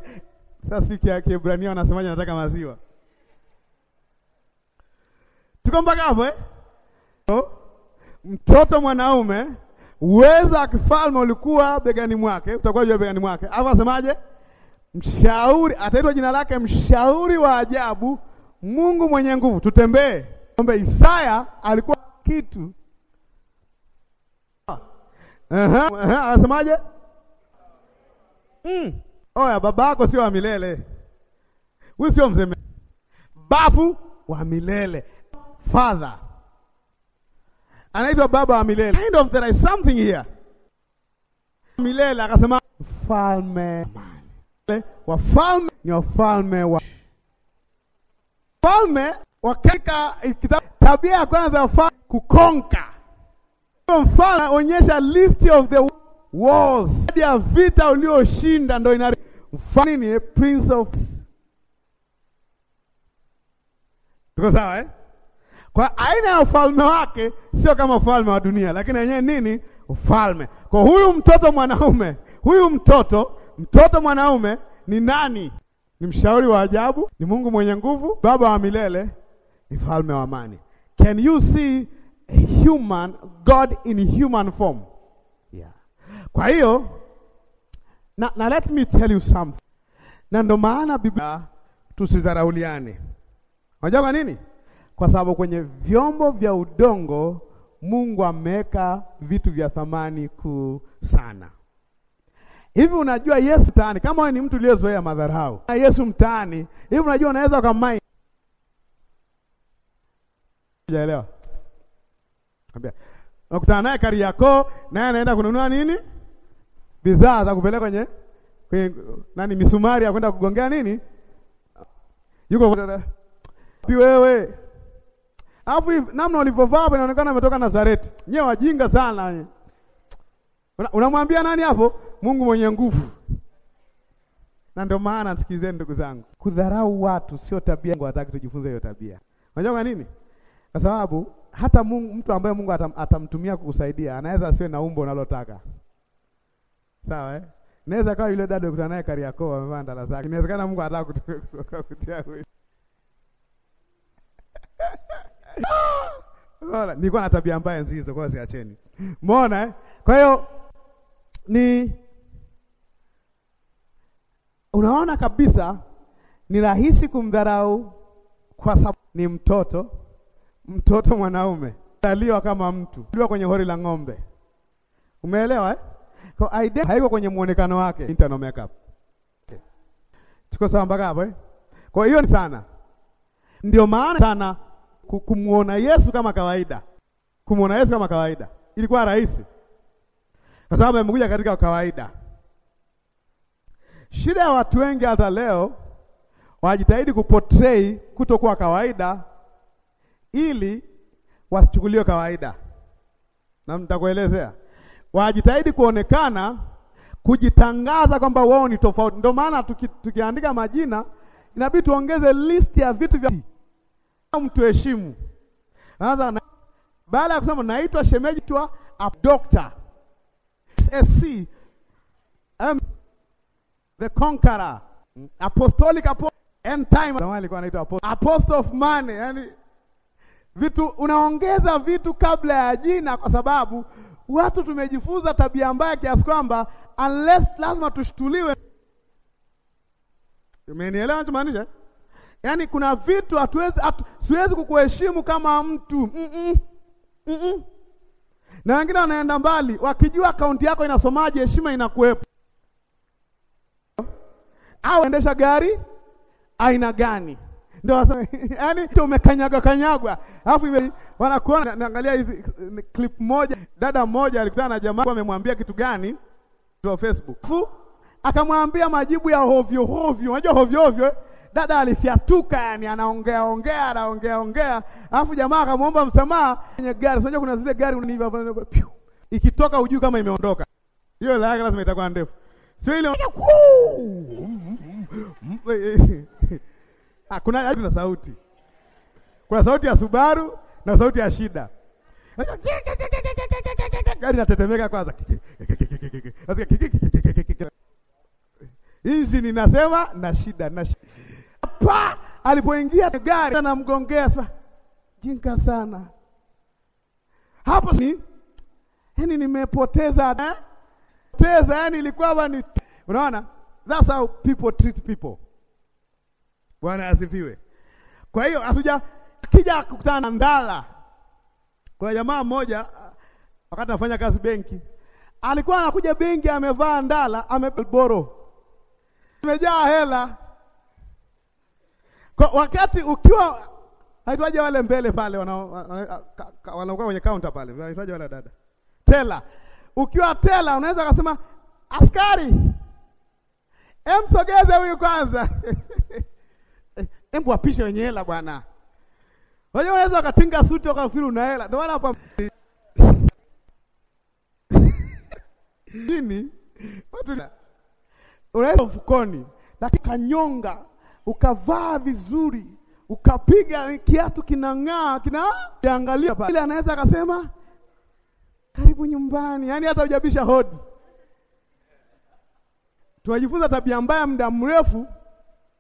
Sasa siku ya Kiebrania wanasemaje? Nataka maziwa. Tuko mpaka hapo eh? Mtoto mwanaume, uweza wa kifalme ulikuwa begani mwake, utakuwa juu begani mwake. Hapo asemaje? Mshauri, ataitwa jina lake mshauri wa ajabu Mungu mwenye nguvu, tutembee. Kumbe Isaya alikuwa kitu anasemaje? mm. Oya, baba yako sio wa milele, huyu sio mzeme bafu wa milele, father anaitwa baba wa milele. Kind of there is something here milele, akasema mfalme, wafalme ni wafalme wa Falme wakatika kitabu, tabia ya kwanza falme kukonka. Mfalme onyesha list of the wars, ya vita ulioshinda, ndio ina mfano ni prince of. Tuko sawa eh? Kwa aina ya ufalme wake sio kama ufalme wa dunia, lakini yenyewe nini? Ufalme. Kwa huyu mtoto mwanaume, huyu mtoto mtoto mwanaume ni nani? ni mshauri wa ajabu, ni Mungu mwenye nguvu, Baba wa milele, ni mfalme wa amani. Can you see human God in human form? Yeah. Kwa hiyo na, na let me tell you something. Na ndo maana Biblia tusizarauliane. Unajua kwa nini? Kwa sababu kwenye vyombo vya udongo Mungu ameweka vitu vya thamani kuu sana. Hivi unajua Yesu tani, kama wewe ni mtu uliyezoea madharau na Yesu mtani hivi unajua unaweza ukamai. Hujaelewa? Ambia Nakutana naye Kariakoo, naye anaenda kununua nini, bidhaa za kupeleka kwenye kwenye nani, misumari ya kwenda kugongea nini, yuko pi wewe, alafu namna ulivyovaa inaonekana umetoka Nazareti. Nyewe wajinga sana nye. Unamwambia una nani hapo? Mungu mwenye nguvu. Na ndio maana sikizeni, ndugu zangu, kudharau watu sio tabia. Mungu hataki tujifunze hiyo tabia. Unajua kwa nini? Kwa sababu hata Mungu, mtu ambaye Mungu atamtumia kukusaidia anaweza asiwe na umbo unalotaka. Sawa eh? Naweza kawa yule dada ukutana naye Kariakoo amevaa ndala zake. Inawezekana Mungu anataka kukutia wewe. Nilikuwa na tabia mbaya nzizo kwa siacheni. Umeona eh? Kwa hiyo ni unaona kabisa ni rahisi kumdharau kwa sababu ni mtoto, mtoto mwanaume aliwa kama mtu aliwa kwenye hori la ng'ombe, umeelewa eh? Kwa idea haiko kwenye muonekano wake internal makeup, tuko sawa mpaka hapo eh? Kwa hiyo ni sana, ndio maana sana kumuona Yesu kama kawaida, kumuona Yesu kama kawaida ilikuwa rahisi kwa sababu amekuja katika kawaida. Shida ya watu wengi hata leo wajitahidi kuportray kutokuwa kawaida ili wasichukuliwe kawaida, na nitakuelezea. Wajitahidi kuonekana, kujitangaza kwamba wao ni tofauti. Ndio maana tuki, tukiandika majina inabidi tuongeze list ya vitu vya mtu heshimu. baada ya kusema naitwa shemeji, a doctor SC, um, the conqueror, apostolic apostle, end time. Zamani alikuwa anaitwa apostle, apostle of money. Yani vitu unaongeza vitu kabla ya jina, kwa sababu watu tumejifunza tabia mbaya kiasi kwamba unless lazima tushtuliwe. Umenielewa nachomaanisha? Yaani kuna vitu hatuwezi, siwezi kukuheshimu kama mtu mm -mm. Mm -mm na wengine wanaenda mbali, wakijua akaunti yako inasomaje, heshima inakuwepo. Au endesha gari aina gani? Ndio wasa, yani umekanyagwa kanyagwa, alafu wanakuona. Naangalia hizi clip moja, dada mmoja alikutana na jamaa amemwambia kitu gani kwa Facebook, akamwambia majibu ya hovyo hovyo, unajua hovyo hovyo eh? dada alifyatuka, yani anaongea ongea anaongea ongea, alafu jamaa akamwomba msamaha kwenye gari. Unajua kuna zile gari unaniva ikitoka, hujui kama imeondoka. Hiyo la yake lazima itakuwa ndefu, sio ile ah, kuna na sauti, kuna sauti ya Subaru na sauti ya shida gari natetemeka kwanza, hizi ninasema na shida na shida pa, alipoingia gari anamgongea sasa, jinga sana hapo, si yani nimepoteza eh? teza yani ilikuwa bani, unaona, that's how people treat people. Bwana asifiwe. Kwa hiyo hatuja kija kukutana ndala. Kuna jamaa mmoja wakati anafanya kazi benki, alikuwa anakuja benki amevaa ndala, ameboro imejaa hela kwa wakati ukiwa haitwaje wale mbele pale wanaokuwa kwenye kaunta pale, haitwaje wale dada tela. Ukiwa tela, unaweza kusema askari, emsogeze huyu kwanza, embu apishe wenye hela bwana. Wewe unaweza ukatinga suti ukafikiri una hela, ndio wala hapa nini watu unaweza ufukoni lakini kanyonga ukavaa vizuri, ukapiga kiatu kinang'aa, kina angalia pale, anaweza akasema karibu nyumbani, yaani hata hujabisha hodi. Tunajifunza tabia mbaya muda mrefu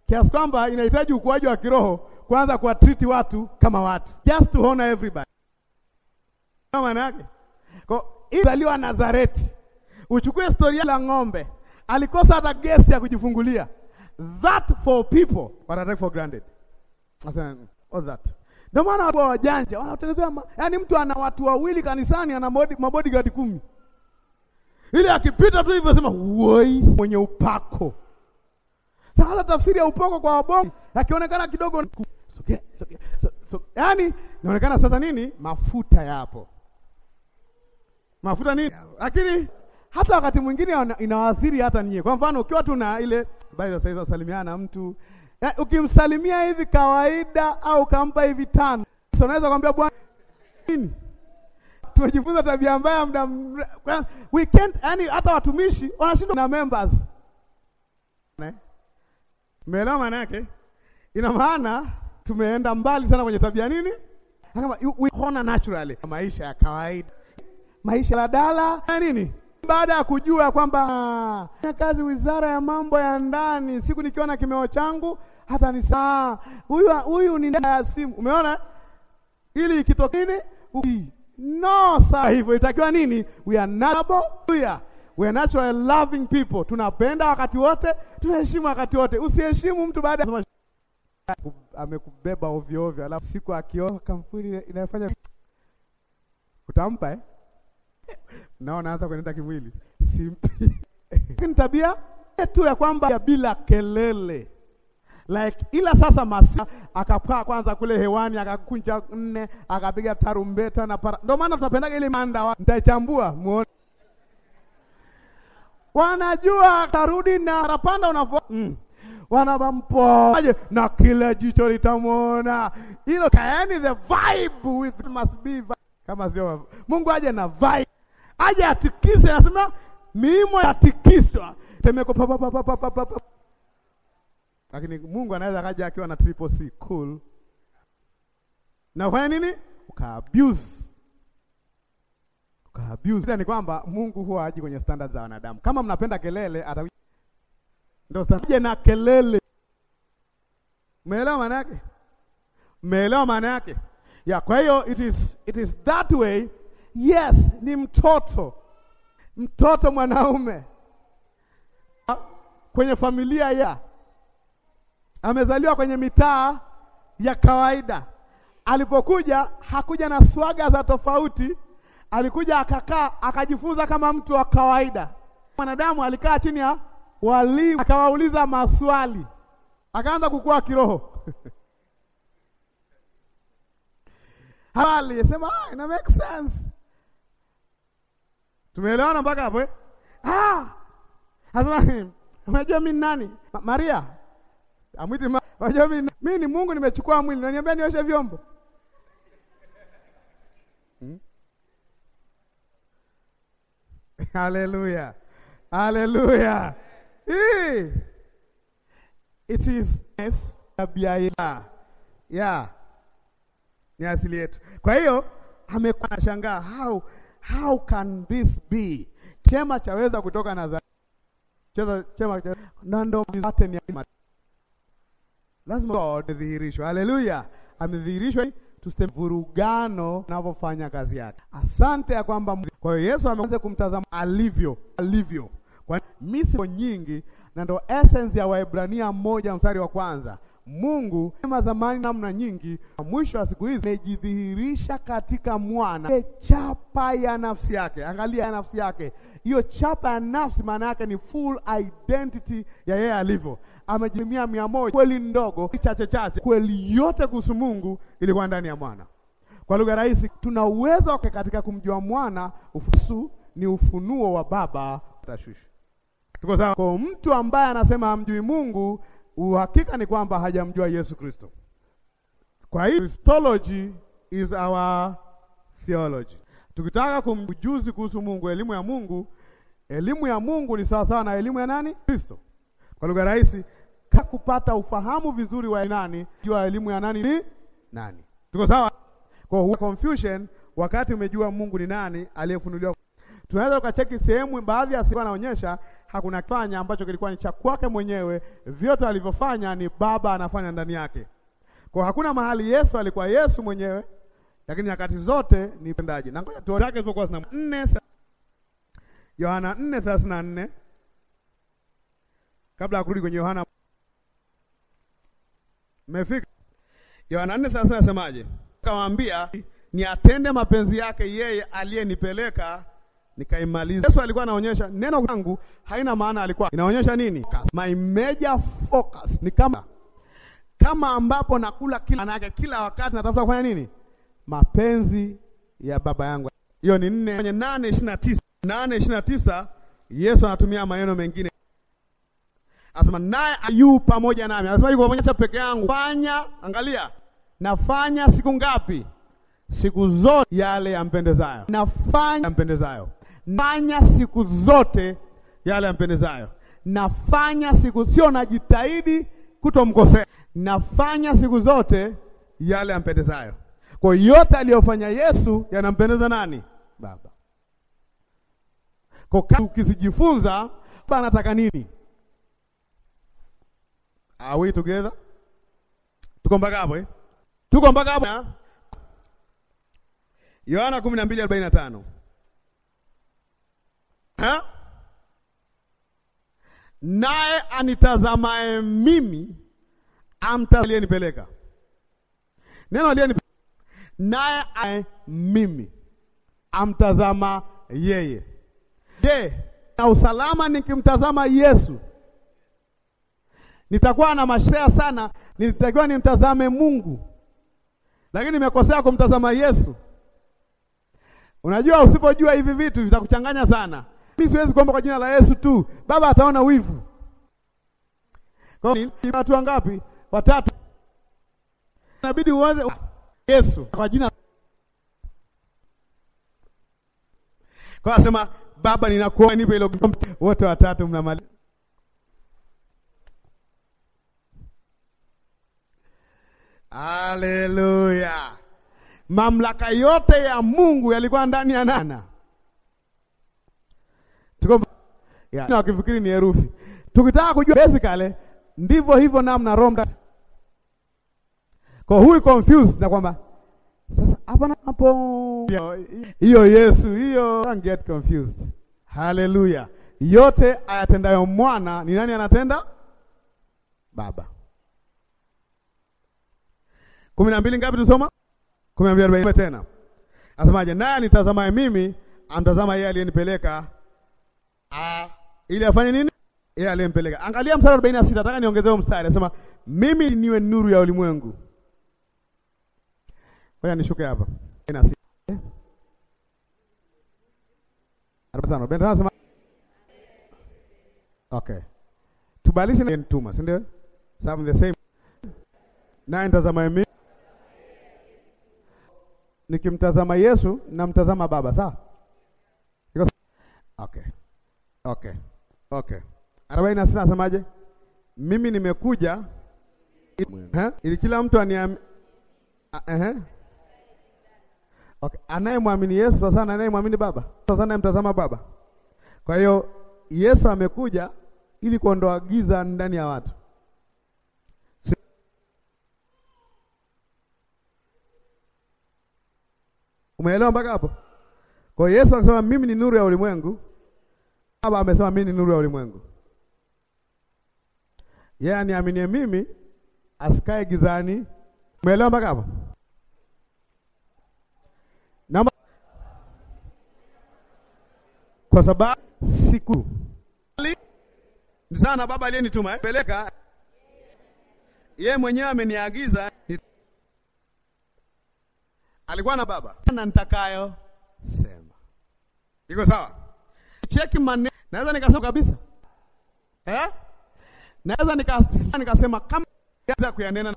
kiasi kwamba inahitaji ukuaji wa kiroho kwanza kuwatriti watu kama watu, just to honor everybody. Maana yake kwa izaliwa Nazareti, uchukue historia la ng'ombe, alikosa hata gesi ya kujifungulia that for people take for granted. that. Ndio maana watu wajanja wanategemea, yaani mtu ana watu wawili kanisani ana mabodigadi kumi, ili akipita tu hivyo sema woi, mwenye upako. Sasa tafsiri ya upako kwa wabongo, akionekana kidogo sogea sogea, so, yaani inaonekana sasa nini, mafuta yapo, mafuta nini, lakini hata wakati mwingine inawaathiri hata nyie. Kwa mfano ukiwa tu na ile habari za saizi, usalimiana na mtu ya, ukimsalimia hivi kawaida au ukampa hivi tano, unaweza kumwambia bwana nini. Tumejifunza tabia mbaya muda we can't, yani hata watumishi wanashindwa na members. Umeelewa maana yake? Ina maana tumeenda mbali sana kwenye tabia nini, kama we naturally maisha ya kawaida, maisha ya dala nini baada ya kujua kwamba na kazi wizara ya mambo ya ndani, siku nikiwa na kimeo changu hata ni saa huyu huyu ni ya simu. Umeona, ili ikitokea no saa hivyo itakiwa nini? We are not able, we are natural loving people. Tunapenda wakati wote, tunaheshimu wakati wote. Usiheshimu mtu baada ya amekubeba ovyo ovyo, alafu siku akioa kampuni inayofanya utampa eh? naona hata kuenenda kimwili simpi lakini tabia yetu ya kwamba ya bila kelele like ila sasa Masia akakaa kwanza kule hewani akakunja nne akapiga tarumbeta na para. Ndio maana tunapendaga ile manda, wa nitaichambua muone, wanajua tarudi na parapanda unavo mm. wanabampo na kila jicho litamwona, hilo kaeni the vibe with must be vibe. Kama sio Mungu aje na vibe aje atikise, anasema miimo yatikiswa temeko pa pa pa pa pa pa. Lakini Mungu anaweza akaja akiwa na triple C cool, na ufanya nini? Uka abuse uka abuse. Ni kwamba Mungu huwa aji kwenye standards za wanadamu. Kama mnapenda kelele, ata ndio standard na kelele. Umeelewa maana yake? Umeelewa maana yake? Ya, kwa hiyo it is, it is that way Yes, ni mtoto, mtoto mwanaume ah, kwenye familia ya amezaliwa kwenye mitaa ya kawaida. Alipokuja hakuja na swaga za tofauti, alikuja akakaa akajifunza kama mtu wa kawaida. Mwanadamu alikaa chini ya walimu, akawauliza maswali, akaanza kukua kiroho hali sema, ah, ina make sense Tumeelewana mpaka hapo eh? Ah! Asema, unajua mimi nani? Ma Maria. Amwiti ma unajua mimi mimi ni Mungu nimechukua mwili. Unaniambia nioshe vyombo? Hmm? Haleluya. Hii. It is yes, tabia ya. Yeah. Ni asili yetu. Kwa hiyo amekuwa anashangaa how how can this be? Chema chaweza kutoka Nazareti. Cheza chema cha nando pattern ya lazima God dhihirishwe. Haleluya, amedhihirishwa tuseme vurugano navyofanya kazi yake. Asante ya kwamba kwa hiyo Yesu ameanza kumtazama alivyo alivyo, kwa misi nyingi, na ndo essence ya Waebrania moja mstari wa kwanza Mungu ema zamani namna nyingi, na mwisho wa siku hizi amejidhihirisha katika mwana. e, chapa ya nafsi yake, angalia ya nafsi yake, hiyo chapa ya nafsi maana yake ni full identity ya yeye alivyo. Amejimia mia moja, kweli ndogo chache chache, kweli yote kuhusu Mungu ilikuwa ndani ya mwana. Kwa lugha rahisi, tuna uwezo wake katika kumjua mwana. Ufusu ni ufunuo wa baba tashwishi Tuko sawa. Kwa mtu ambaye anasema amjui Mungu uhakika ni kwamba hajamjua Yesu Kristo. Kwa hiyo Christology is our theology. Tukitaka kumjuzi kuhusu Mungu, elimu ya Mungu, elimu ya Mungu ni sawasawa na elimu ya nani? Kristo. Kwa lugha rahisi, kupata ufahamu vizuri wa nani, jua elimu ya nani ni nani. Tuko sawa? Kwa confusion wakati umejua Mungu ni nani aliyefunuliwa. Tunaweza ukacheki sehemu, baadhi ya sehemu anaonyesha hakuna kifanya ambacho kilikuwa ni cha kwake mwenyewe. Vyote alivyofanya ni Baba anafanya ndani yake. Kwa hakuna mahali Yesu alikuwa Yesu mwenyewe, lakini nyakati zote ni mtendaji. Na ngoja tuone zake zilikuwa zina nne. Yohana 4:34 kabla ya kurudi kwenye Yohana Mefika. Yohana 4:34 nasemaje? Akamwambia ni atende mapenzi yake yeye aliyenipeleka nikaimaliza. Yesu alikuwa anaonyesha neno langu haina maana, alikuwa inaonyesha nini? My major focus ni kama kama ambapo nakula kila manake, kila wakati natafuta kufanya nini? Mapenzi ya baba yangu. Hiyo ni nne kwenye nane ishirini na tisa nane ishirini na tisa Yesu anatumia maneno mengine, asema naye ayu pamoja nami, anasema yuko pamoja cha peke yangu. Fanya angalia, nafanya siku ngapi? Siku zote yale yampendezayo, nafanya yampendezayo nafanya siku zote yale yampendezayo. Nafanya siku, sio najitahidi kutomkosea, nafanya siku zote yale yampendezayo. Kwa yote aliyofanya Yesu yanampendeza nani? Baba. Kwa ukizijifunza Baba anataka nini? Are we together? Tuko mpaka hapo eh? Tuko mpaka hapo. Yohana 12:45 ha? naye anitazamae mimi amta aliyenipeleka. Neno aliyenipeleka naye mimi amtazama yeye. Je, na usalama nikimtazama Yesu nitakuwa na mashea sana, nilitakiwa nimtazame Mungu, lakini nimekosea kumtazama Yesu. Unajua, usipojua hivi vitu vitakuchanganya sana mimi siwezi kuomba kwa jina la Yesu tu, baba ataona wivu. Kwa hiyo watu wangapi? Watatu. Inabidi uanze Yesu kwa jina. Kwa sema baba, ninakuomba nipe hilo. Wote watatu mnamali Haleluya! Mamlaka yote ya Mungu yalikuwa ndani ya nana tuko yeah. Na wakifikiri ni herufi. Tukitaka kujua basically ndivyo hivyo namna Roho kwa huyu confused na kwamba sasa hapa na hapo hiyo Yesu hiyo don't get confused. Hallelujah. Yote ayatendayo mwana ni nani anatenda? Baba. 12 ngapi tusoma? 12 tena. Asemaje? Naye nitazamaye mimi amtazama yeye aliyenipeleka a ah. ili afanye nini? Yeye aliyempeleka. Angalia mstari 46, nataka niongezee mstari. Anasema mimi niwe nuru ya ulimwengu. Ngoja nishuke hapa. 46. 45. Bendera Okay. Tubalishe na ntuma, si ndio? Some the same. Na nitazama mimi. Nikimtazama Yesu namtazama Baba, sawa? Okay. Okay. Okay. arobaini na sita asemaje? Mimi nimekuja ili kila mtu aniam Okay. Anayemwamini Yesu sasa na anayemwamini Baba sasa mtazama Baba. Kwa hiyo Yesu amekuja ili kuondoa giza ndani ya watu. Umeelewa mpaka hapo? Kwa hiyo Yesu akasema mimi ni nuru ya ulimwengu. Baba amesema mimi ni nuru ya ulimwengu, yeye aniaminie mimi asikae gizani. Umeelewa mpaka hapo? Namba kwa sababu siku sana Baba aliyenituma eh, peleka yeye mwenyewe ameniagiza alikuwa na Baba na nitakayo sema iko sawa. Cheki maneno Naweza nikasema kabisa eh? Naweza nikasema nikasema kama naweza kuyanena.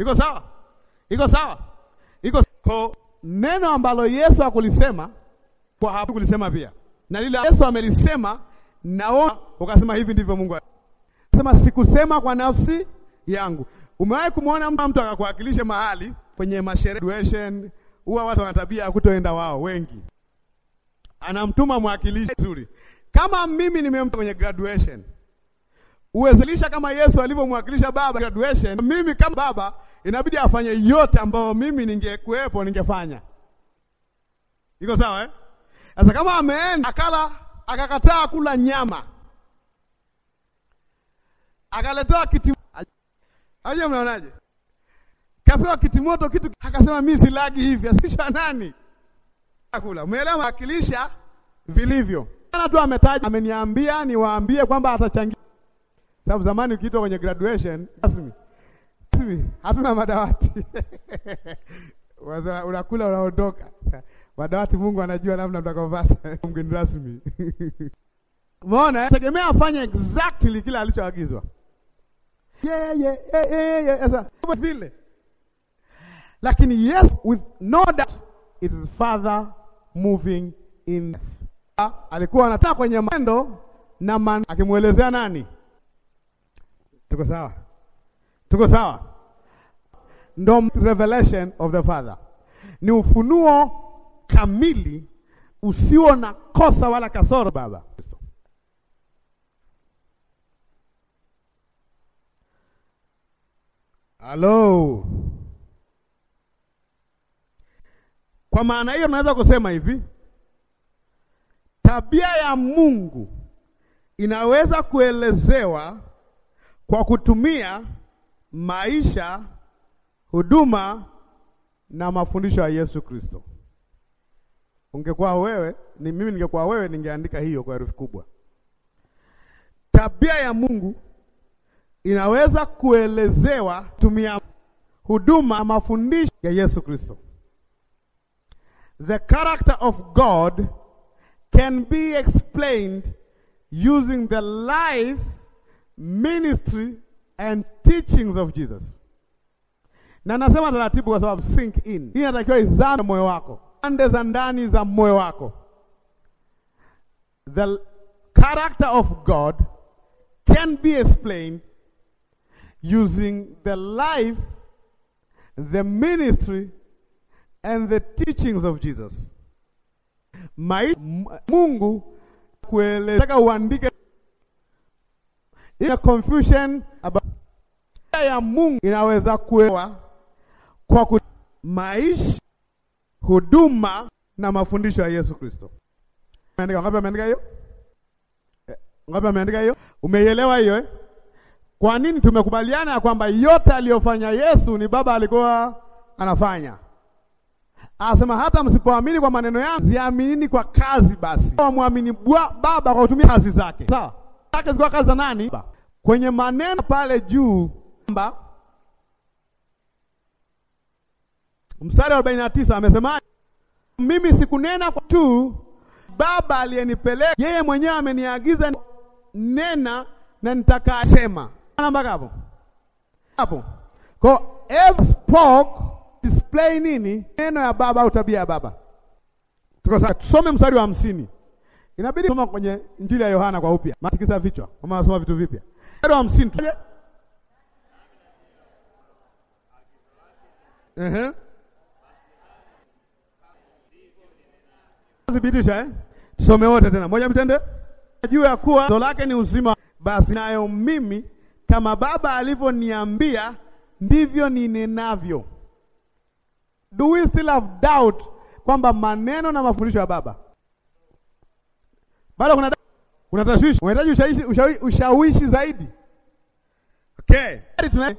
Iko sawa? Iko sawa? Iko ko neno ambalo Yesu akulisema kwa hapo kulisema pia. Na lile Yesu amelisema naona ukasema hivi ndivyo Mungu anasema, sikusema kwa nafsi yangu. Umewahi kumwona mtu akakuwakilisha mahali kwenye masherehe graduation, huwa watu wana tabia ya kutoenda wao wengi, anamtuma mwakilishi mzuri kama mimi nimempa kwenye graduation uwezelisha kama Yesu alivyomwakilisha baba graduation, mimi kama baba inabidi afanye yote ambayo mimi ningekuwepo ningefanya. Iko sawa eh? Sasa kama ameenda akala, akakataa kula nyama, akaletewa kiti, aje, mnaonaje? Kapewa moto kitu, akasema mimi silagi hivi, asishwa nani akula. Umeelewa? Mwakilisha vilivyo tu ametaja, ameniambia niwaambie kwamba atachangia, sababu zamani ukiitwa kwenye graduation rasmi rasmi hatuna madawati Wazee unakula unaondoka. Madawati Mungu anajua namna mtakapopata mgeni rasmi Umeona, eh? tegemea afanye exactly kila alichoagizwa yeah, yeah, yeah, yeah, yeah. Sasa vile lakini yes with no doubt it is father moving in death alikuwa anataka kwenye mendo na man, akimwelezea nani? Tuko sawa, tuko sawa. Ndo revelation of the Father, ni ufunuo kamili usio na kosa wala kasoro Baba. Halo. Kwa maana hiyo naweza kusema hivi Tabia ya Mungu inaweza kuelezewa kwa kutumia maisha, huduma na mafundisho ya Yesu Kristo. Ungekuwa wewe ni mimi, ningekuwa wewe, ningeandika hiyo kwa herufi kubwa. Tabia ya Mungu inaweza kuelezewa tumia huduma, mafundisho ya Yesu Kristo. The character of God can be explained using the life, ministry and teachings of Jesus. Na nasema taratibu kwa sababu sink in. Hii inatakiwa izame moyo wako, pande za ndani za moyo wako. The character of God can be explained using the life, the ministry and the teachings of Jesus maisha Mungu kueleza uandike ya confusion about ya Mungu inaweza kuewa kwa ku maisha huduma na mafundisho ya Yesu Kristo. Ameandika ngapi? Ameandika hiyo eh, ngapi? Ameandika hiyo, umeielewa hiyo eh? Kwa nini tumekubaliana ya kwamba yote aliyofanya Yesu ni Baba alikuwa anafanya asema hata msipoamini kwa maneno yangu, ziaminini kwa kazi basi. Wamwamini Baba kwa kutumia kazi zake. Sawa? Zake zilikuwa kazi za nani? Kwenye maneno pale juu mba mstari wa 49 amesema mimi sikunena kwa tu, Baba aliyenipeleka yeye mwenyewe ameniagiza nena na nitakasema. Namba hapo. Hapo. Kwa spoke display nini? Neno ya baba au tabia ya baba. Tukasema tusome mstari wa hamsini. Inabidi soma kwenye Injili ya Yohana kwa upya. Matikisa vichwa. Kama nasoma vitu vipya. Mstari wa hamsini. Uh -huh. Thibitisha eh? Tusome wote tena. Moja mtende. Najua ya kuwa ndo lake ni uzima, basi nayo mimi kama baba alivyoniambia ndivyo ninenavyo. Do we still have doubt kwamba maneno na mafundisho ya Baba bado kuna kuna tashwishi? Unahitaji ushawishi, ushawishi, ushawishi zaidi. Okay, tuna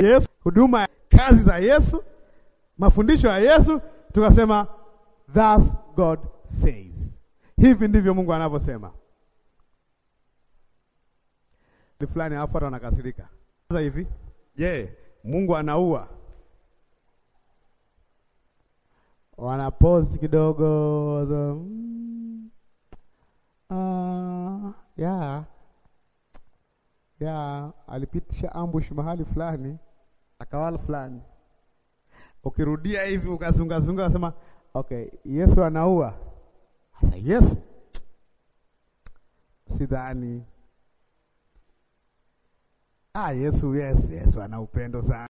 Yesu, huduma, kazi za Yesu, mafundisho ya Yesu, tukasema thus God says, hivi ndivyo Mungu anavyosema Ni fulani, afuata hata wanakasirika sasa hivi. Je, yeah, Mungu anaua wana post kidogo so, mm, uh, yeah. Yeah, alipitisha ambush mahali fulani akawala fulani, ukirudia hivi ukazungazunga, wasema okay, Yesu anaua sasa. Yesu sidhani. Ah, Yesu, yes, Yesu ana upendo sana.